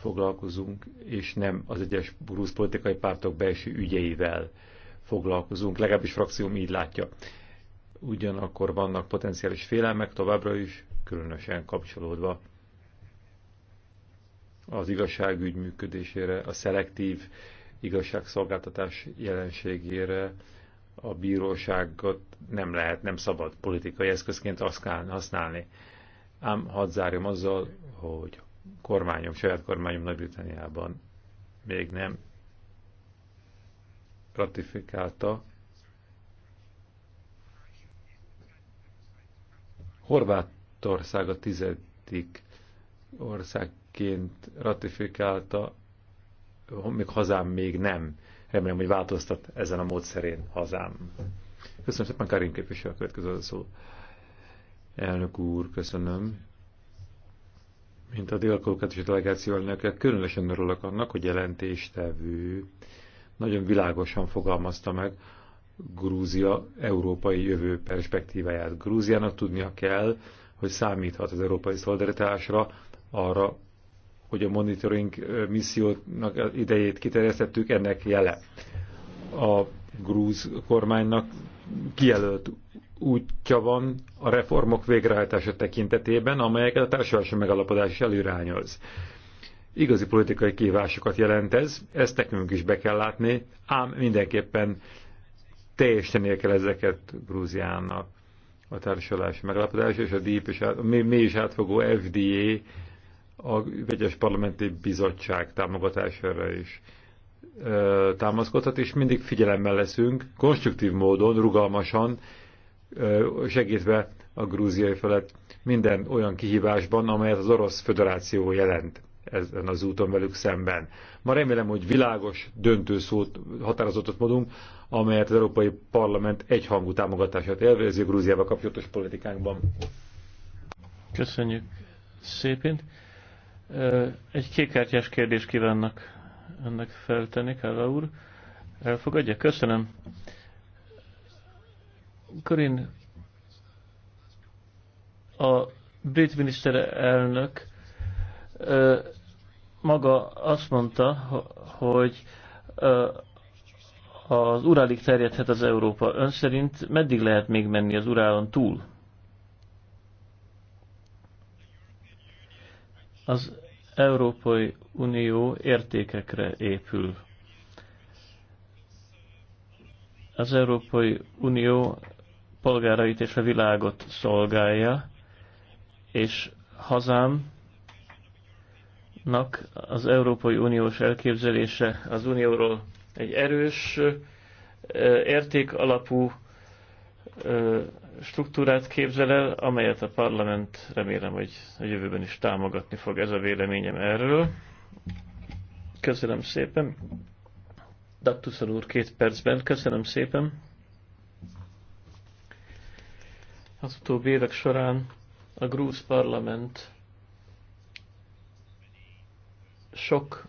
foglalkozunk, és nem az egyes grúz politikai pártok belső ügyeivel foglalkozunk, legalábbis frakcióm így látja. Ugyanakkor vannak potenciális félelmek továbbra is, különösen kapcsolódva az igazságügy működésére, a szelektív igazságszolgáltatás jelenségére, a bíróságot nem lehet, nem szabad politikai eszközként használni. Ám hadd zárjam azzal, hogy kormányom, saját kormányom Nagy-Britanniában még nem ratifikálta Horvátország a tizedik országként ratifikálta, még hazám még nem. Remélem, hogy változtat ezen a módszerén hazám. Köszönöm szépen, Karim képviselő, a következő szó. Elnök úr, köszönöm. Mint a a delegáció elnöke, különösen örülök annak, hogy jelentéstevő nagyon világosan fogalmazta meg Grúzia európai jövő perspektíváját. Grúziának tudnia kell, hogy számíthat az európai szolidaritásra, arra, hogy a monitoring missziónak idejét kiterjesztettük, ennek jele. A grúz kormánynak kijelölt útja van a reformok végrehajtása tekintetében, amelyeket a társadalmi megalapodás is előrányoz. Igazi politikai kívásokat jelent ez, ezt nekünk is be kell látni, ám mindenképpen teljesen kell ezeket Grúziának a társadalmi megalapodás és a DIP, és a, mi, mi is átfogó FDA a vegyes parlamenti bizottság támogatására is támaszkodhat, és mindig figyelemmel leszünk, konstruktív módon, rugalmasan, segítve a grúziai felett minden olyan kihívásban, amelyet az Orosz Föderáció jelent ezen az úton velük szemben. Ma remélem, hogy világos, döntő szót, határozatot mondunk, amelyet az Európai Parlament egyhangú támogatását élvezi Grúziával kapcsolatos politikánkban. Köszönjük szépen! Egy kékkártyás kérdést kívánnak ennek feltenni, Kála úr. Elfogadja? Köszönöm. Karin, a brit miniszterelnök maga azt mondta, hogy az Urálig terjedhet az Európa. Ön szerint meddig lehet még menni az Urálon túl? Az Európai Unió értékekre épül. Az Európai Unió polgárait és a világot szolgálja, és hazámnak az Európai Uniós elképzelése az Unióról egy erős, értékalapú, struktúrát képzel el, amelyet a parlament remélem, hogy a jövőben is támogatni fog ez a véleményem erről. Köszönöm szépen. Daktuszal úr két percben, köszönöm szépen. Az utóbbi évek során a grúz parlament sok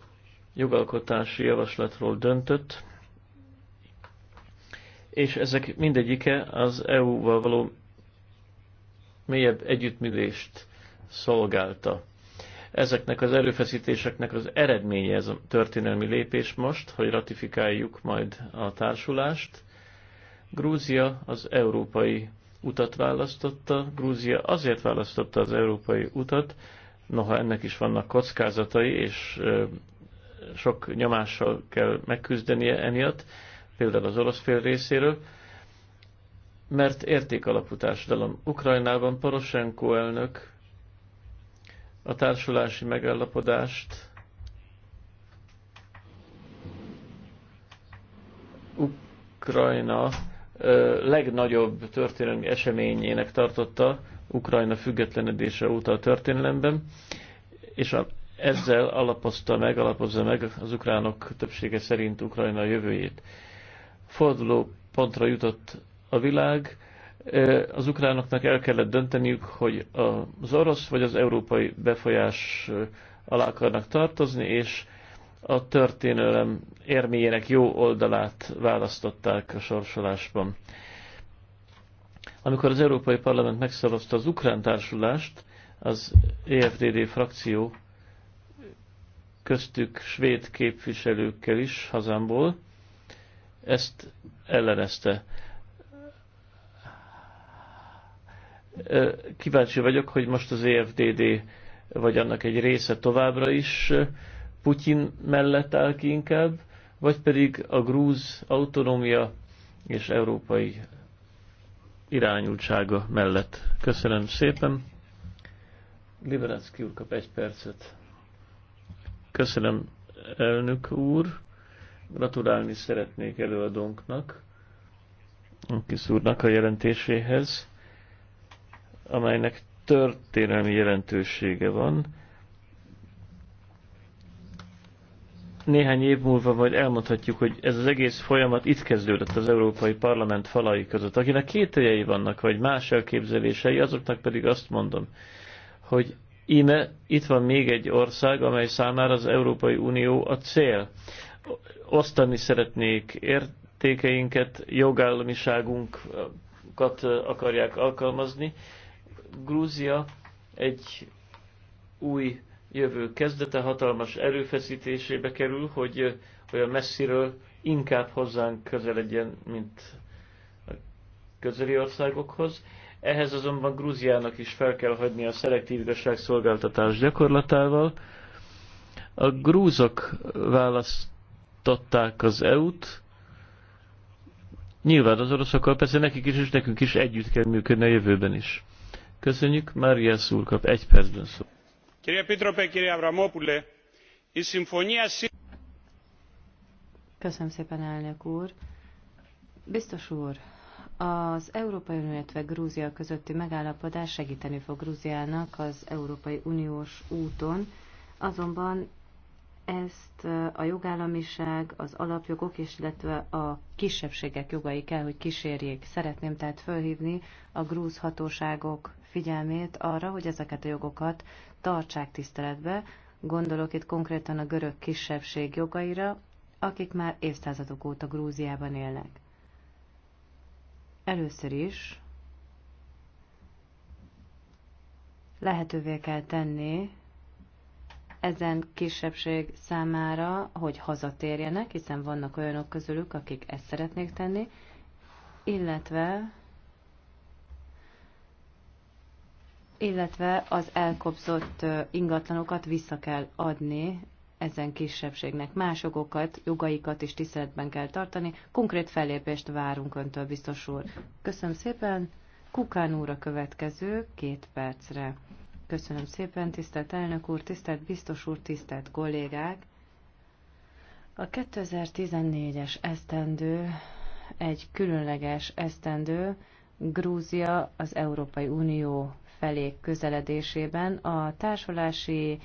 jogalkotási javaslatról döntött, és ezek mindegyike az EU-val való mélyebb együttműködést szolgálta. Ezeknek az erőfeszítéseknek az eredménye ez a történelmi lépés most, hogy ratifikáljuk majd a társulást. Grúzia az európai utat választotta. Grúzia azért választotta az európai utat, noha ennek is vannak kockázatai, és sok nyomással kell megküzdenie emiatt, például az orosz fél részéről, mert értékalapú társadalom. Ukrajnában Poroshenko elnök a társulási megállapodást Ukrajna legnagyobb történelmi eseményének tartotta Ukrajna függetlenedése óta a történelemben, és a, ezzel alapozta meg, alapozza meg az ukránok többsége szerint Ukrajna jövőjét forduló pontra jutott a világ, az ukránoknak el kellett dönteniük, hogy az orosz vagy az európai befolyás alá akarnak tartozni, és a történelem érméjének jó oldalát választották a sorsolásban. Amikor az Európai Parlament megszavazta az ukrán társulást, az EFDD frakció köztük svéd képviselőkkel is hazámból, ezt ellenezte. Kíváncsi vagyok, hogy most az EFDD vagy annak egy része továbbra is Putyin mellett áll ki inkább, vagy pedig a grúz autonómia és európai irányultsága mellett. Köszönöm szépen. Liberácki úr kap egy percet. Köszönöm, elnök úr. Gratulálni szeretnék előadónknak, kis úrnak a jelentéséhez, amelynek történelmi jelentősége van. Néhány év múlva majd elmondhatjuk, hogy ez az egész folyamat itt kezdődött az Európai Parlament falai között. Akinek két vannak, vagy más elképzelései, azoknak pedig azt mondom, hogy íme itt van még egy ország, amely számára az Európai Unió a cél osztani szeretnék értékeinket, jogállamiságunkat akarják alkalmazni. Grúzia egy új jövő kezdete hatalmas erőfeszítésébe kerül, hogy olyan messziről inkább hozzánk közeledjen, mint a közeli országokhoz. Ehhez azonban Grúziának is fel kell hagyni a szelektív igazságszolgáltatás gyakorlatával. A grúzok választ megtámadtatták az EU-t. Nyilván az oroszokkal persze nekik is, és nekünk is együtt kell működni a jövőben is. Köszönjük, Mária Szúr kap egy percben szó. Köszönöm szépen, elnök úr. Biztos úr, az Európai Unió, illetve Grúzia közötti megállapodás segíteni fog Grúziának az Európai Uniós úton, azonban ezt a jogállamiság, az alapjogok, és illetve a kisebbségek jogai kell, hogy kísérjék. Szeretném tehát fölhívni a grúz hatóságok figyelmét arra, hogy ezeket a jogokat tartsák tiszteletbe. Gondolok itt konkrétan a görög kisebbség jogaira, akik már évszázadok óta Grúziában élnek. Először is lehetővé kell tenni ezen kisebbség számára, hogy hazatérjenek, hiszen vannak olyanok közülük, akik ezt szeretnék tenni, illetve illetve az elkobzott ingatlanokat vissza kell adni ezen kisebbségnek. másokokat jogaikat is tiszteletben kell tartani. Konkrét fellépést várunk Öntől, biztos úr. Köszönöm szépen. Kukán úr a következő két percre. Köszönöm szépen, tisztelt elnök úr, tisztelt biztos úr, tisztelt kollégák! A 2014-es esztendő egy különleges esztendő, Grúzia az Európai Unió felé közeledésében a társulási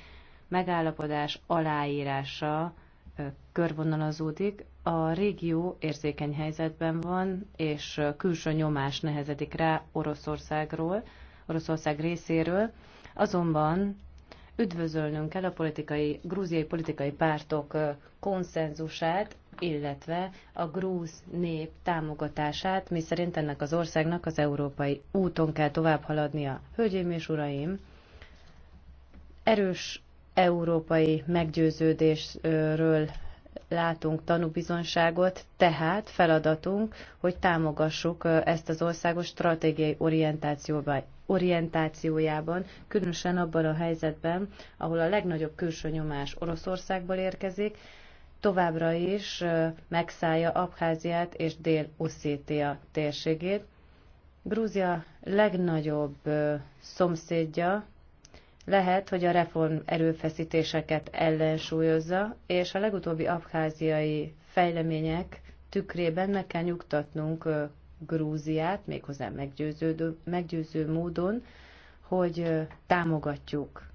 megállapodás aláírása körvonalazódik. A régió érzékeny helyzetben van, és külső nyomás nehezedik rá Oroszországról, Oroszország részéről. Azonban üdvözölnünk kell a politikai, grúziai politikai pártok konszenzusát, illetve a grúz nép támogatását, mi szerint ennek az országnak az európai úton kell tovább haladnia. Hölgyeim és uraim, erős európai meggyőződésről látunk tanúbizonságot, tehát feladatunk, hogy támogassuk ezt az országos stratégiai orientációba orientációjában, különösen abban a helyzetben, ahol a legnagyobb külső nyomás Oroszországból érkezik, továbbra is megszállja Abháziát és Dél-Oszétia térségét. Grúzia legnagyobb szomszédja lehet, hogy a reform erőfeszítéseket ellensúlyozza, és a legutóbbi abháziai fejlemények tükrében meg kell nyugtatnunk Grúziát, méghozzá meggyőződő, meggyőző módon, hogy támogatjuk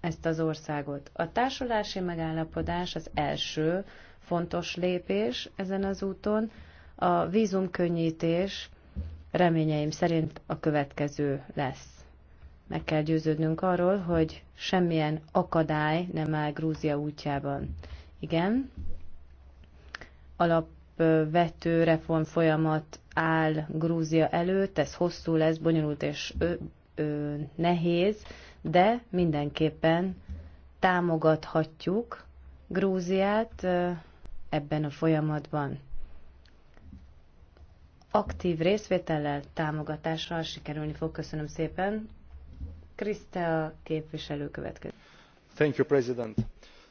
ezt az országot. A társulási megállapodás az első fontos lépés ezen az úton. A vízumkönnyítés reményeim szerint a következő lesz. Meg kell győződnünk arról, hogy semmilyen akadály nem áll Grúzia útjában. Igen, alapvető reform folyamat áll Grúzia előtt, ez hosszú lesz, bonyolult és ö, ö, nehéz, de mindenképpen támogathatjuk Grúziát ebben a folyamatban. Aktív részvétellel, támogatással sikerülni fog. Köszönöm szépen. Kriszta képviselő következik. Thank you, President.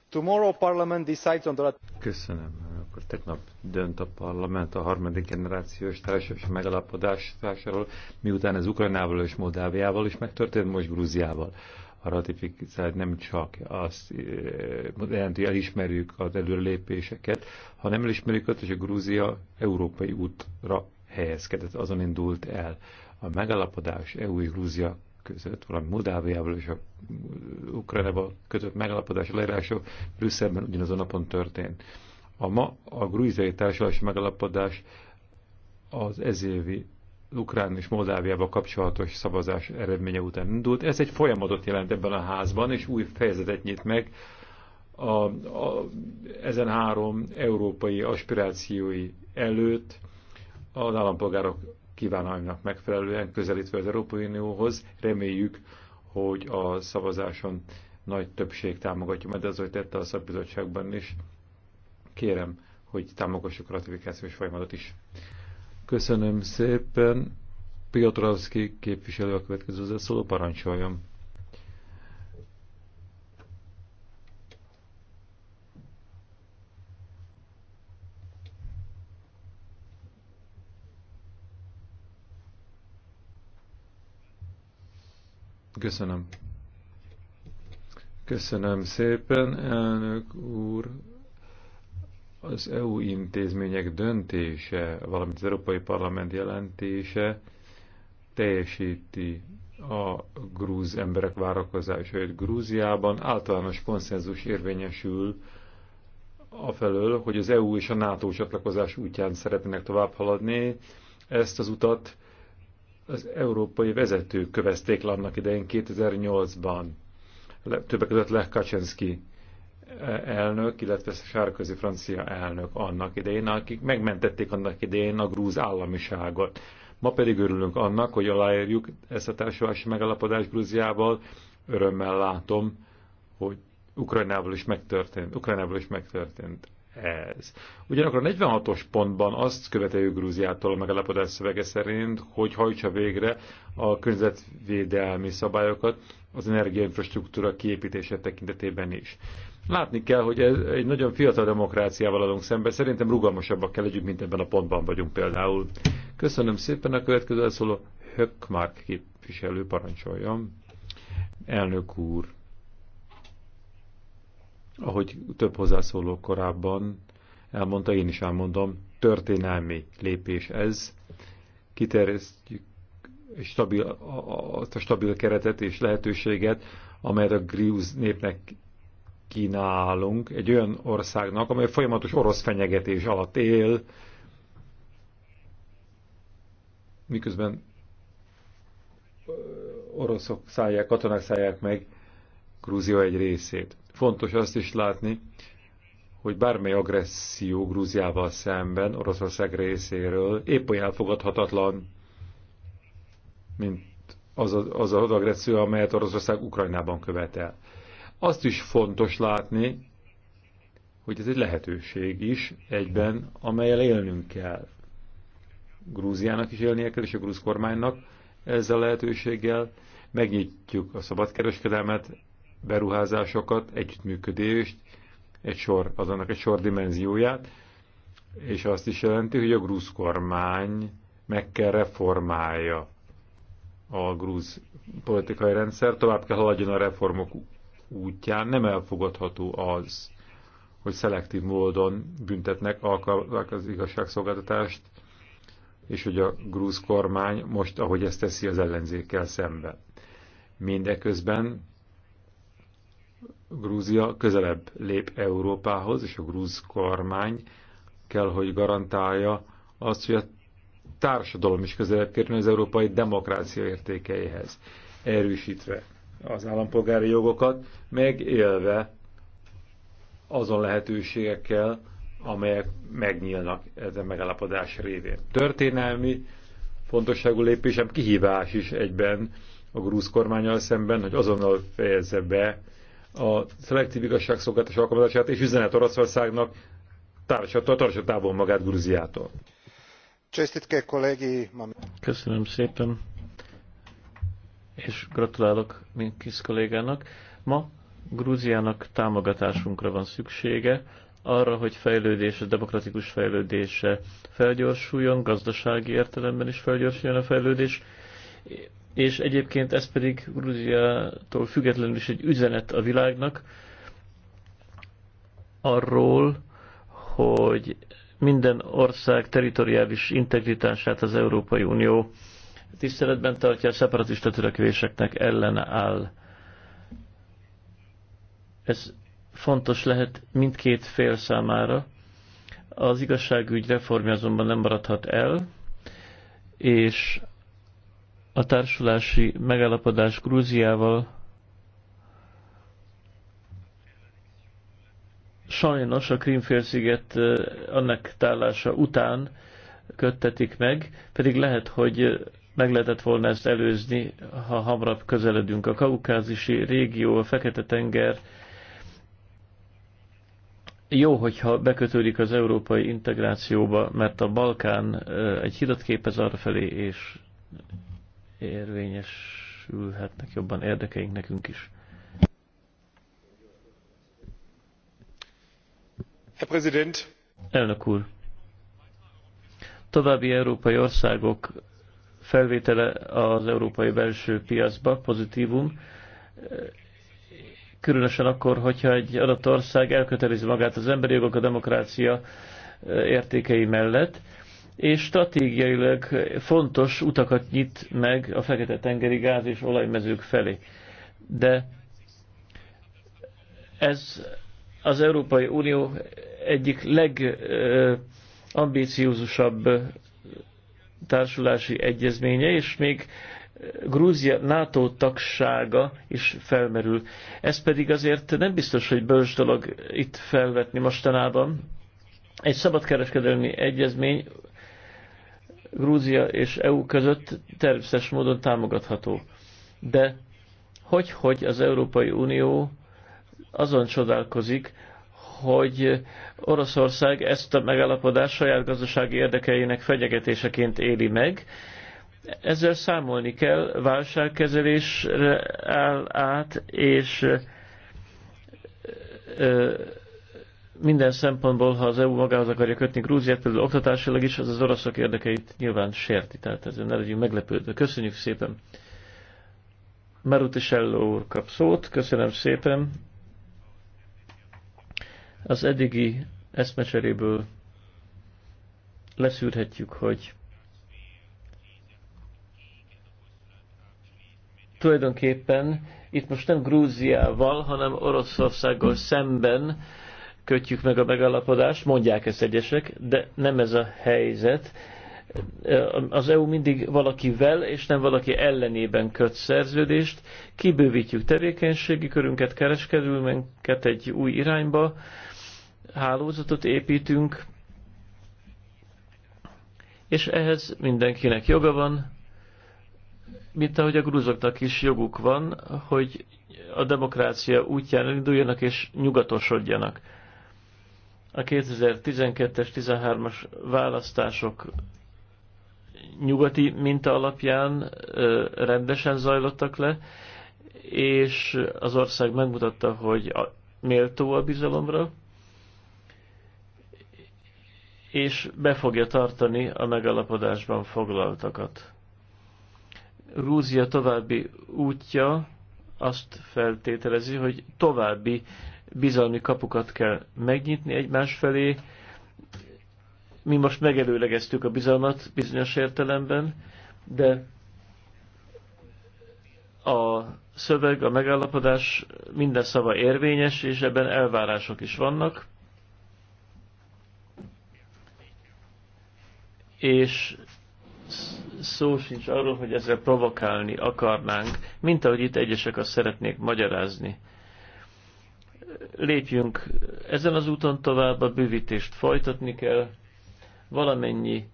Tomorrow Parliament decides on the... Köszönöm, tegnap dönt a parlament a harmadik generációs társas megalapodásáról, miután ez Ukrajnával és Moldáviával is megtörtént, most Grúziával. A ratifikáció nem csak azt eh, jelenti, hogy elismerjük az előlépéseket, hanem elismerjük azt, hogy a Grúzia európai útra helyezkedett, azon indult el. A megalapodás EU és Grúzia között, valami Moldáviával és a Ukrajnával kötött megalapodás aláírása Brüsszelben ugyanazon napon történt. A ma a grúziai társadalmi megalapodás az ezévi Ukrán és Moldáviába kapcsolatos szavazás eredménye után indult. Ez egy folyamatot jelent ebben a házban, és új fejezetet nyit meg a, a, ezen három európai aspirációi előtt az állampolgárok kívánalmának megfelelően közelítve az Európai Unióhoz. Reméljük, hogy a szavazáson nagy többség támogatja, mert ez, hogy tette a szakbizottságban is, kérem, hogy támogassuk a ratifikációs folyamatot is. Köszönöm szépen. Piotrowski képviselő a következő szóló parancsoljon. Köszönöm. Köszönöm szépen, elnök úr. Az EU intézmények döntése, valamint az Európai Parlament jelentése teljesíti a grúz emberek várakozásait Grúziában. Általános konszenzus érvényesül afelől, hogy az EU és a NATO csatlakozás útján szeretnének tovább haladni. Ezt az utat az európai vezetők kövezték le annak idején 2008-ban. Többek között Lech Kaczynski elnök, illetve sárközi francia elnök annak idején, akik megmentették annak idején a grúz államiságot. Ma pedig örülünk annak, hogy aláírjuk ezt a társulási megállapodást Grúziával. Örömmel látom, hogy Ukrajnával is megtörtént, Ukrajnával is megtörtént ez. Ugyanakkor a 46-os pontban azt követeljük Grúziától a megállapodás szövege szerint, hogy hajtsa végre a környezetvédelmi szabályokat az energiainfrastruktúra kiépítése tekintetében is. Látni kell, hogy ez egy nagyon fiatal demokráciával adunk szembe. Szerintem rugalmasabbak kell legyünk, mint ebben a pontban vagyunk például. Köszönöm szépen a következő szóló Höckmark képviselő parancsoljon. Elnök úr, ahogy több hozzászóló korábban elmondta, én is elmondom, történelmi lépés ez. Kiterjesztjük stabil, a a stabil keretet és lehetőséget, amelyet a Grius népnek kínálunk egy olyan országnak, amely folyamatos orosz fenyegetés alatt él, miközben oroszok szállják, katonák szállják meg Grúzia egy részét. Fontos azt is látni, hogy bármely agresszió Grúziával szemben, Oroszország részéről épp olyan elfogadhatatlan, mint az, az az agresszió, amelyet Oroszország Ukrajnában követel. Azt is fontos látni, hogy ez egy lehetőség is egyben, amelyel élnünk kell. Grúziának is élnie kell, és a grúz kormánynak ezzel a lehetőséggel megnyitjuk a szabadkereskedelmet, beruházásokat, együttműködést, egy sor, az annak egy sor dimenzióját, és azt is jelenti, hogy a grúz kormány meg kell reformálja a grúz politikai rendszer, tovább kell haladjon a reformok útján nem elfogadható az, hogy szelektív módon büntetnek, alkalmazzák az igazságszolgáltatást, és hogy a grúz kormány most, ahogy ezt teszi, az ellenzékkel szembe. Mindeközben Grúzia közelebb lép Európához, és a grúz kormány kell, hogy garantálja azt, hogy a társadalom is közelebb kerül az európai demokrácia értékeihez, erősítve az állampolgári jogokat, megélve azon lehetőségekkel, amelyek megnyílnak ezen megállapodás révén. Történelmi fontosságú lépésem kihívás is egyben a grúz kormányal szemben, hogy azonnal fejezze be a szelektív igazságszolgáltatás alkalmazását és üzenet Oroszországnak tartsa távol magát Grúziától. Köszönöm szépen és gratulálok Minkis kollégának. Ma Grúziának támogatásunkra van szüksége, arra, hogy fejlődése, demokratikus fejlődése felgyorsuljon, gazdasági értelemben is felgyorsuljon a fejlődés, és egyébként ez pedig Grúziától függetlenül is egy üzenet a világnak arról, hogy minden ország teritoriális integritását az Európai Unió tiszteletben tartja, a szeparatista törekvéseknek ellen áll. Ez fontos lehet mindkét fél számára. Az igazságügy reformja azonban nem maradhat el, és a társulási megállapodás Grúziával sajnos a Krímfélsziget annak tálása után köttetik meg, pedig lehet, hogy meg lehetett volna ezt előzni, ha hamarabb közeledünk. A kaukázisi régió, a Fekete-tenger jó, hogyha bekötődik az európai integrációba, mert a Balkán egy hidat képez arra felé, és érvényesülhetnek jobban érdekeink nekünk is. Herr Präsident! Elnök úr! További európai országok felvétele az európai belső piacba pozitívum, különösen akkor, hogyha egy adott ország elkötelezi magát az emberi jogok, a demokrácia értékei mellett, és stratégiailag fontos utakat nyit meg a Fekete-tengeri gáz és olajmezők felé. De ez az Európai Unió egyik legambíciózusabb társulási egyezménye, és még Grúzia NATO tagsága is felmerül. Ez pedig azért nem biztos, hogy bölcs dolog itt felvetni mostanában. Egy szabadkereskedelmi egyezmény Grúzia és EU között természetes módon támogatható. De hogy, hogy az Európai Unió azon csodálkozik, hogy Oroszország ezt a megállapodást saját gazdasági érdekeinek fenyegetéseként éli meg. Ezzel számolni kell, válságkezelésre áll át, és minden szempontból, ha az EU magához akarja kötni Grúziát, például oktatásilag is, az az oroszok érdekeit nyilván sérti, tehát ezzel ne legyünk meglepődve. Köszönjük szépen! Marutisello úr kap szót, köszönöm szépen! Az eddigi eszmecseréből leszűrhetjük, hogy tulajdonképpen itt most nem Grúziával, hanem Oroszországgal szemben kötjük meg a megállapodást, mondják ezt egyesek, de nem ez a helyzet. Az EU mindig valakivel és nem valaki ellenében köt szerződést, kibővítjük tevékenységi körünket, kereskedőmenket egy új irányba, hálózatot építünk, és ehhez mindenkinek joga van, mint ahogy a grúzoknak is joguk van, hogy a demokrácia útján induljanak és nyugatosodjanak. A 2012-es, 13-as választások nyugati minta alapján rendesen zajlottak le, és az ország megmutatta, hogy méltó a bizalomra, és be fogja tartani a megalapodásban foglaltakat. Rúzia további útja azt feltételezi, hogy további bizalmi kapukat kell megnyitni egymás felé. Mi most megelőlegeztük a bizalmat bizonyos értelemben, de a szöveg, a megállapodás minden szava érvényes, és ebben elvárások is vannak és szó sincs arról, hogy ezzel provokálni akarnánk, mint ahogy itt egyesek azt szeretnék magyarázni. Lépjünk ezen az úton tovább, a bővítést folytatni kell, valamennyi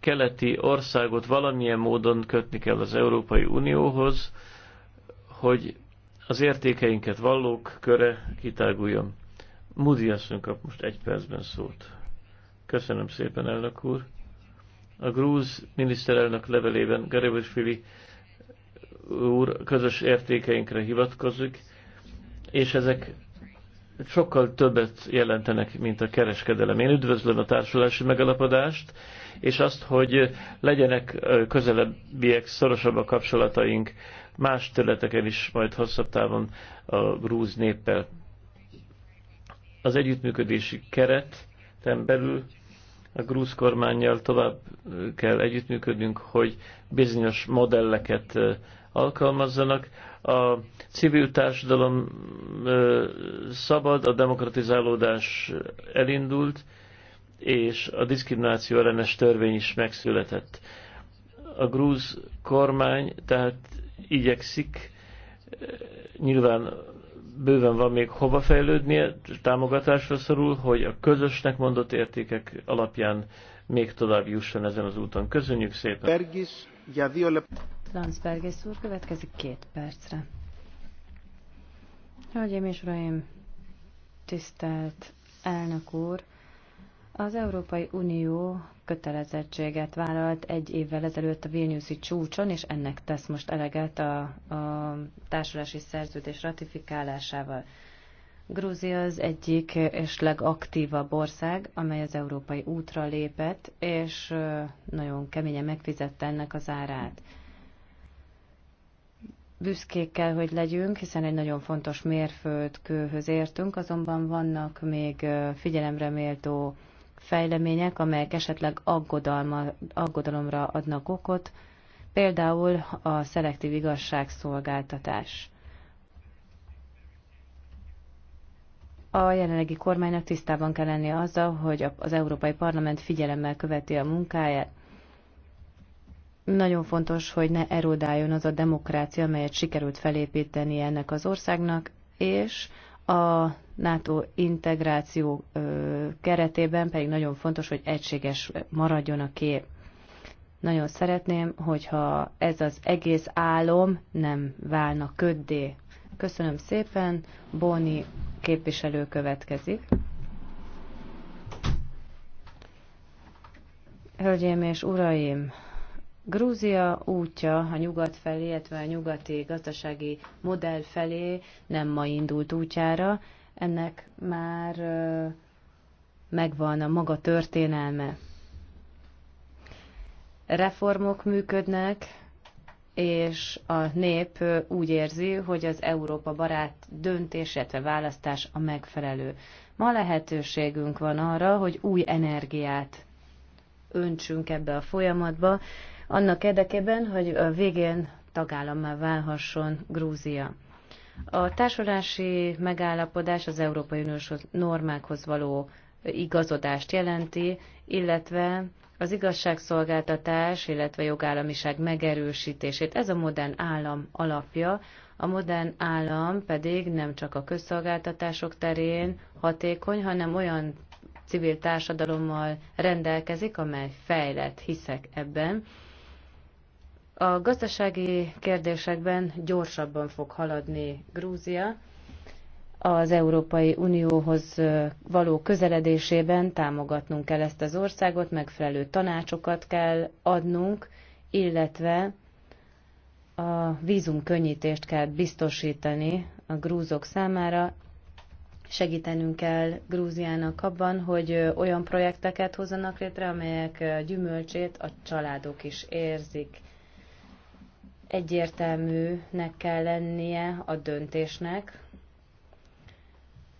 keleti országot valamilyen módon kötni kell az Európai Unióhoz, hogy az értékeinket vallók köre kitáguljon. Moody kap most egy percben szót. Köszönöm szépen, elnök úr. A grúz miniszterelnök levelében Garibusvili úr közös értékeinkre hivatkozik, és ezek sokkal többet jelentenek, mint a kereskedelem. Én üdvözlöm a társulási megalapodást, és azt, hogy legyenek közelebbiek, szorosabb a kapcsolataink más területeken is, majd hosszabb távon a grúz néppel. Az együttműködési keret belül a grúz kormányjal tovább kell együttműködnünk, hogy bizonyos modelleket alkalmazzanak. A civil társadalom szabad, a demokratizálódás elindult, és a diszkrimináció ellenes törvény is megszületett. A grúz kormány tehát igyekszik nyilván bőven van még hova fejlődnie, támogatásra szorul, hogy a közösnek mondott értékek alapján még tovább jusson ezen az úton. Köszönjük szépen! Bergis, Landsbergész úr, következik két percre. Hölgyeim és Uraim, tisztelt elnök úr, az Európai Unió kötelezettséget vállalt egy évvel ezelőtt a Vilniuszi csúcson, és ennek tesz most eleget a, a társulási szerződés ratifikálásával. Grúzia az egyik és legaktívabb ország, amely az európai útra lépett, és nagyon keményen megfizette ennek az árát. Büszkék kell, hogy legyünk, hiszen egy nagyon fontos mérföldkőhöz értünk, azonban vannak még figyelemre méltó fejlemények, amelyek esetleg aggodalma, aggodalomra adnak okot, például a szelektív igazságszolgáltatás. A jelenlegi kormánynak tisztában kell lennie azzal, hogy az Európai Parlament figyelemmel követi a munkáját. Nagyon fontos, hogy ne erodáljon az a demokrácia, amelyet sikerült felépíteni ennek az országnak, és a NATO integráció keretében pedig nagyon fontos, hogy egységes maradjon a kép. Nagyon szeretném, hogyha ez az egész álom nem válna köddé. Köszönöm szépen, Bóni képviselő következik. Hölgyeim és uraim, Grúzia útja a nyugat felé, illetve a nyugati gazdasági modell felé nem ma indult útjára, ennek már megvan a maga történelme. Reformok működnek, és a nép úgy érzi, hogy az Európa barát döntés, illetve választás a megfelelő. Ma lehetőségünk van arra, hogy új energiát öntsünk ebbe a folyamatba, annak érdekében, hogy a végén tagállammal válhasson Grúzia. A társulási megállapodás az Európai Uniós normákhoz való igazodást jelenti, illetve az igazságszolgáltatás, illetve jogállamiság megerősítését. Ez a modern állam alapja, a modern állam pedig nem csak a közszolgáltatások terén hatékony, hanem olyan civil társadalommal rendelkezik, amely fejlett, hiszek ebben, a gazdasági kérdésekben gyorsabban fog haladni Grúzia, az Európai Unióhoz való közeledésében támogatnunk kell ezt az országot, megfelelő tanácsokat kell adnunk, illetve a vízumkönnyítést kell biztosítani a grúzok számára, segítenünk kell Grúziának abban, hogy olyan projekteket hozzanak létre, amelyek gyümölcsét a családok is érzik egyértelműnek kell lennie a döntésnek,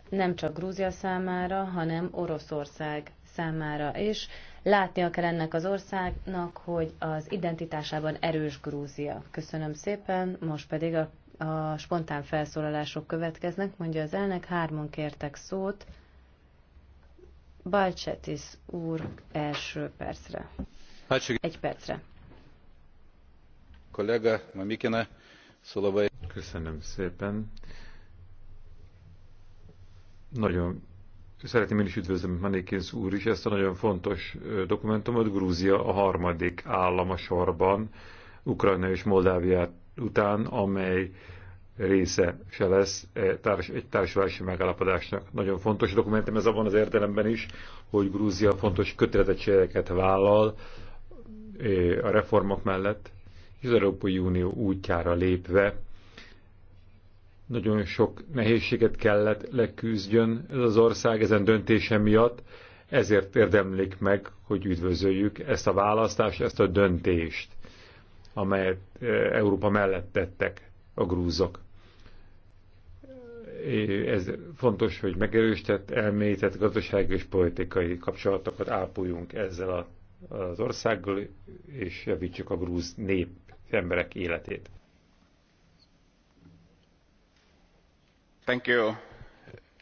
nem csak Grúzia számára, hanem Oroszország számára is. Látnia kell ennek az országnak, hogy az identitásában erős Grúzia. Köszönöm szépen, most pedig a, a spontán felszólalások következnek, mondja az elnök, hárman kértek szót. Balcsetis úr első percre. Hát Egy percre kollega Mamikina Köszönöm szépen. Nagyon szeretném én is üdvözlöm Manikins úr is ezt a nagyon fontos dokumentumot. Grúzia a harmadik állam a sorban, Ukrajna és Moldávia után, amely része se lesz e egy társadalmi megállapodásnak. Nagyon fontos dokumentum ez abban az értelemben is, hogy Grúzia fontos kötelezettségeket vállal e, a reformok mellett, az Európai Unió útjára lépve nagyon sok nehézséget kellett leküzdjön ez az ország ezen döntése miatt, ezért érdemlik meg, hogy üdvözöljük ezt a választást, ezt a döntést, amelyet e, Európa mellett tettek a grúzok. Ez fontos, hogy megerősített, elmélyített gazdasági és politikai kapcsolatokat ápoljunk ezzel az országgal, és javítsuk a grúz nép emberek életét. Thank you,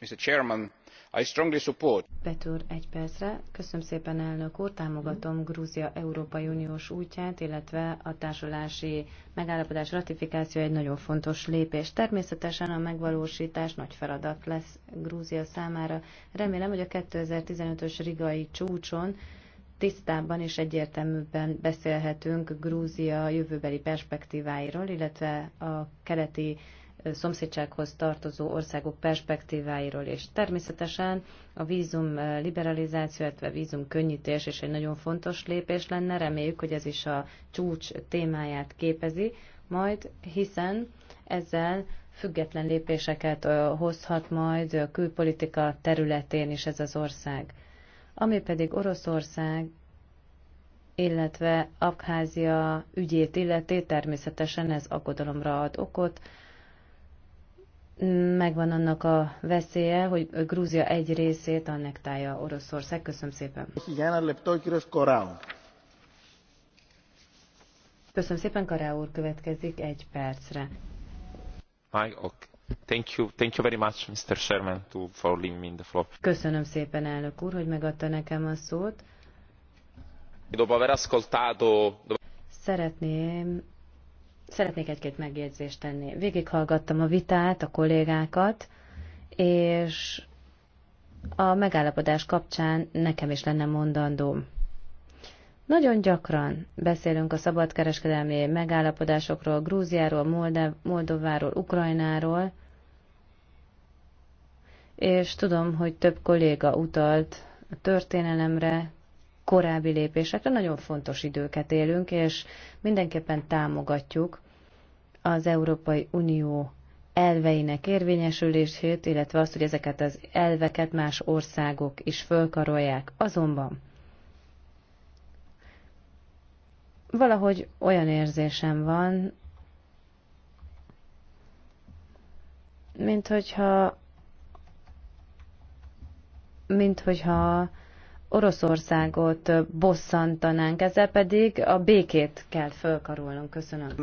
Mr. Chairman. I strongly support. Petur, egy percre. Köszönöm szépen, elnök úr. Támogatom Grúzia Európai Uniós útját, illetve a társulási megállapodás ratifikáció egy nagyon fontos lépés. Természetesen a megvalósítás nagy feladat lesz Grúzia számára. Remélem, hogy a 2015-ös rigai csúcson tisztában és egyértelműbben beszélhetünk Grúzia jövőbeli perspektíváiról, illetve a keleti szomszédsághoz tartozó országok perspektíváiról, és természetesen a vízum liberalizáció, illetve vízum könnyítés is egy nagyon fontos lépés lenne, reméljük, hogy ez is a csúcs témáját képezi, majd hiszen ezzel független lépéseket hozhat majd a külpolitika területén is ez az ország. Ami pedig Oroszország, illetve Abkházia ügyét illeti, természetesen ez aggodalomra ad okot. Megvan annak a veszélye, hogy Grúzia egy részét annektálja Oroszország. Köszönöm szépen. Köszönöm szépen, Kará úr következik egy percre. Máj, ok. Thank you, thank you very much, Mr. Sherman, to, for leaving me the floor. Köszönöm szépen, elnök úr, hogy megadta nekem a szót. Dopo aver ascoltato... Szeretném szeretnék egy-két megjegyzést tenni. Végighallgattam a vitát, a kollégákat, és a megállapodás kapcsán nekem is lenne mondandóm. Nagyon gyakran beszélünk a szabadkereskedelmi megállapodásokról, Grúziáról, Moldováról, Ukrajnáról, és tudom, hogy több kolléga utalt a történelemre, korábbi lépésekre. Nagyon fontos időket élünk, és mindenképpen támogatjuk az Európai Unió elveinek érvényesülését, illetve azt, hogy ezeket az elveket más országok is fölkarolják. Azonban valahogy olyan érzésem van, mint hogyha mint hogyha Oroszországot bosszantanánk, ezzel pedig a békét kell fölkarolnunk. Köszönöm.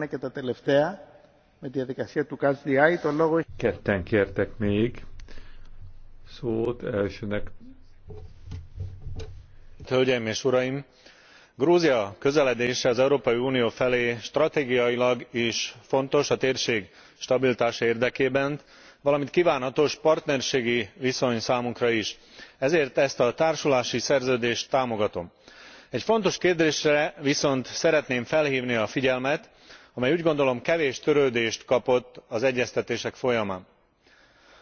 Ketten kértek még szót elsőnek. Hölgyeim és uraim! grúzia közeledése az európai unió felé stratégiailag is fontos a térség stabilitása érdekében valamint kvánatos partnerségi viszony számunkra is ezért ezt a társulási szerződést támogatom. egy fontos kérdésre viszont szeretném felhvni a figyelmet amely úgy gondolom kevés törődést kapott az egyeztetések folyamán.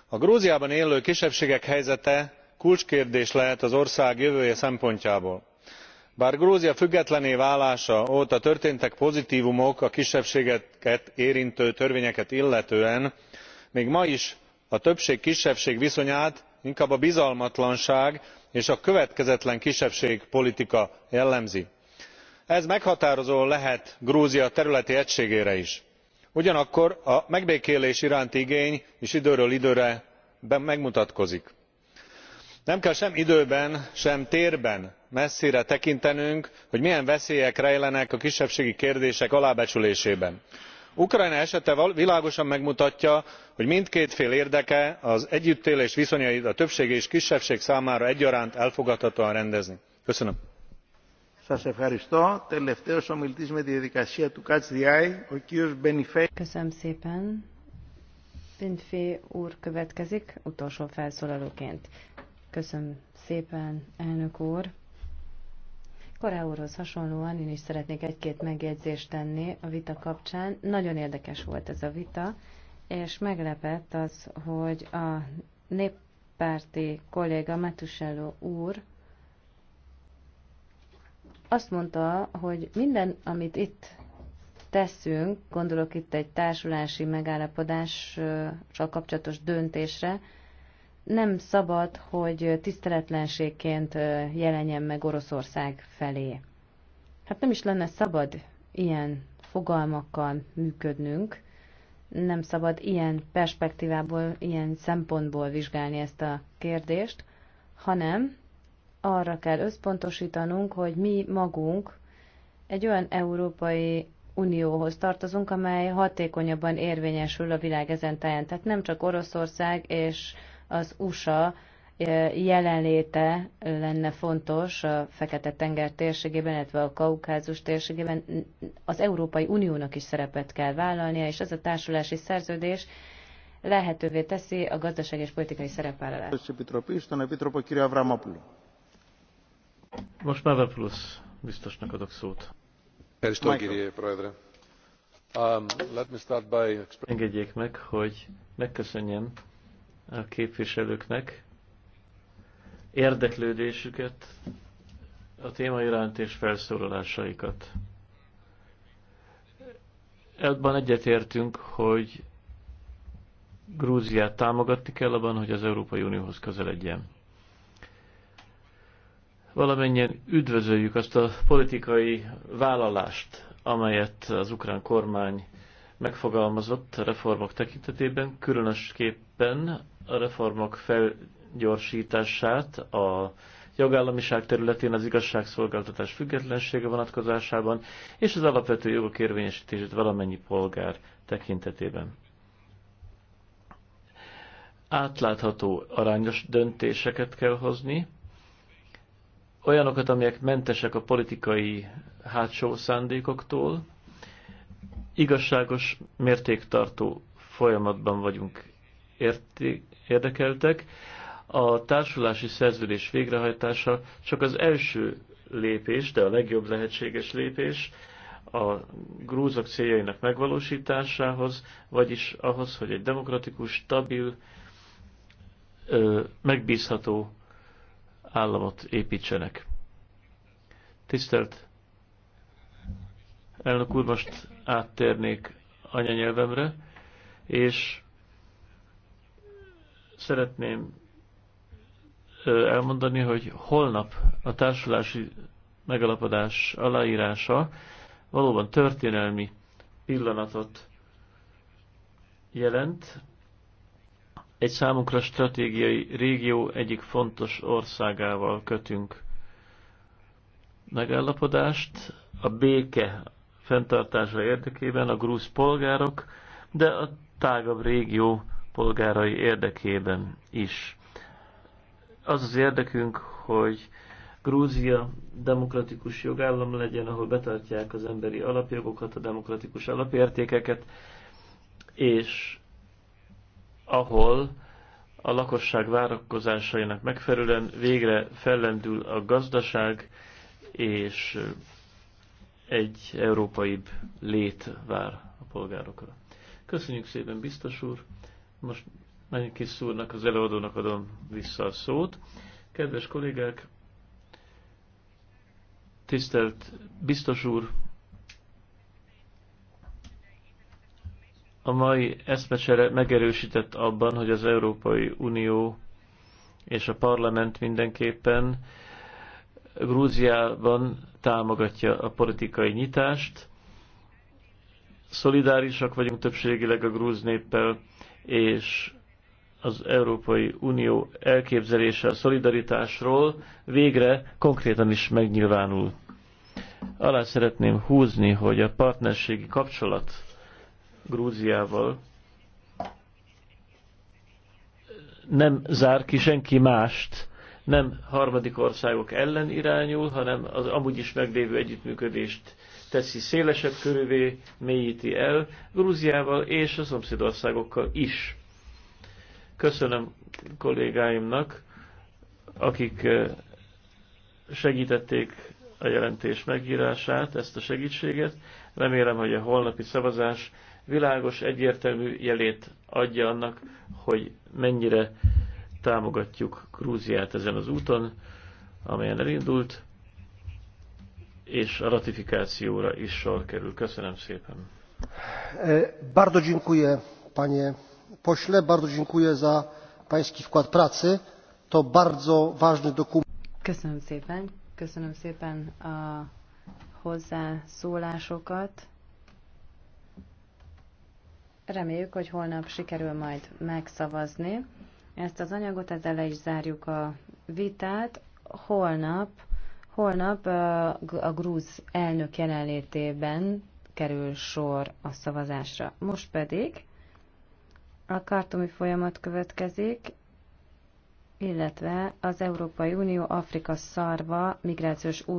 a grúziában élő kisebbségek helyzete kulcskérdés lehet az ország jövője szempontjából. bár grúzia függetlenné válása óta történtek pozitvumok a kisebbségeket érintő törvényeket illetően még ma is a többség kisebbség viszonyát inkább a bizalmatlanság és a következetlen kisebbségpolitika jellemzi. ez meghatározó lehet grúzia területi egységére is. ugyanakkor a megbékélés iránti igény is időről időre megmutatkozik. nem kell sem időben sem térben messzire tekintenünk hogy milyen veszélyek rejlenek a kisebbségi kérdések alábecsülésében ukrajna esete világosan megmutatja hogy mindkét fél érdeke az együttélés viszonyait a többség és kisebbség számára egyaránt elfogadhatóan rendezni. köszönöm. köszönöm szépen. következik utolsó Köszönöm szépen, Koráúrhoz hasonlóan én is szeretnék egy-két megjegyzést tenni a vita kapcsán. Nagyon érdekes volt ez a vita, és meglepett az, hogy a néppárti kolléga Metusello úr azt mondta, hogy minden, amit itt teszünk, gondolok itt egy társulási megállapodással kapcsolatos döntésre, nem szabad, hogy tiszteletlenségként jelenjen meg Oroszország felé. Hát nem is lenne szabad ilyen fogalmakkal működnünk, nem szabad ilyen perspektívából, ilyen szempontból vizsgálni ezt a kérdést, hanem arra kell összpontosítanunk, hogy mi magunk egy olyan Európai Unióhoz tartozunk, amely hatékonyabban érvényesül a világ ezen táján. Tehát nem csak Oroszország és az USA jelenléte lenne fontos a Fekete-tenger térségében, illetve a Kaukázus térségében. Az Európai Uniónak is szerepet kell vállalnia, és ez a társulási szerződés lehetővé teszi a gazdaság és politikai szerepvállalást. Most már plusz biztosnak adok szót. Um, Engedjék meg, hogy megköszönjem a képviselőknek érdeklődésüket a téma iránt és felszólalásaikat. Ebben egyetértünk, hogy Grúziát támogatni kell abban, hogy az Európai Unióhoz közeledjen. Valamennyien üdvözöljük azt a politikai vállalást, amelyet az ukrán kormány megfogalmazott reformok tekintetében, különösképpen a reformok felgyorsítását a jogállamiság területén az igazságszolgáltatás függetlensége vonatkozásában és az alapvető jogok érvényesítését valamennyi polgár tekintetében. Átlátható arányos döntéseket kell hozni, olyanokat, amelyek mentesek a politikai hátsó szándékoktól, igazságos mértéktartó folyamatban vagyunk érti érdekeltek. A társulási szerződés végrehajtása csak az első lépés, de a legjobb lehetséges lépés a grúzok céljainak megvalósításához, vagyis ahhoz, hogy egy demokratikus, stabil, megbízható államot építsenek. Tisztelt elnök úr, most áttérnék anyanyelvemre, és szeretném elmondani, hogy holnap a társulási megalapodás aláírása valóban történelmi pillanatot jelent. Egy számunkra stratégiai régió egyik fontos országával kötünk megállapodást. A béke fenntartása érdekében a grúz polgárok, de a tágabb régió polgárai érdekében is. Az az érdekünk, hogy Grúzia demokratikus jogállam legyen, ahol betartják az emberi alapjogokat, a demokratikus alapértékeket, és ahol a lakosság várakozásainak megfelelően végre fellendül a gazdaság, és egy európai lét vár a polgárokra. Köszönjük szépen, biztos úr! Most nagyon kis szúrnak, az előadónak adom vissza a szót. Kedves kollégák, tisztelt biztos úr, a mai eszmecsere megerősített abban, hogy az Európai Unió és a parlament mindenképpen Grúziában támogatja a politikai nyitást. Szolidárisak vagyunk többségileg a grúz néppel, és az Európai Unió elképzelése a szolidaritásról végre konkrétan is megnyilvánul. Alá szeretném húzni, hogy a partnerségi kapcsolat Grúziával nem zár ki senki mást, nem harmadik országok ellen irányul, hanem az amúgy is meglévő együttműködést teszi szélesebb körülvé, mélyíti el Grúziával és a szomszédországokkal is. Köszönöm kollégáimnak, akik eh, segítették a jelentés megírását, ezt a segítséget. Remélem, hogy a holnapi szavazás világos, egyértelmű jelét adja annak, hogy mennyire támogatjuk Grúziát ezen az úton, amelyen elindult és a ratifikációra is sor kerül. Köszönöm szépen. E, bardzo dziękuję, panie pośle, bardzo dziękuję za pański wkład pracy. To bardzo ważny dokument. Köszönöm szépen. Köszönöm szépen a hozzászólásokat. Reméljük, hogy holnap sikerül majd megszavazni ezt az anyagot, ezzel le is zárjuk a vitát. Holnap Holnap a grúz elnök jelenlétében kerül sor a szavazásra. Most pedig a kartomi folyamat következik, illetve az Európai Unió Afrika szarva migrációs út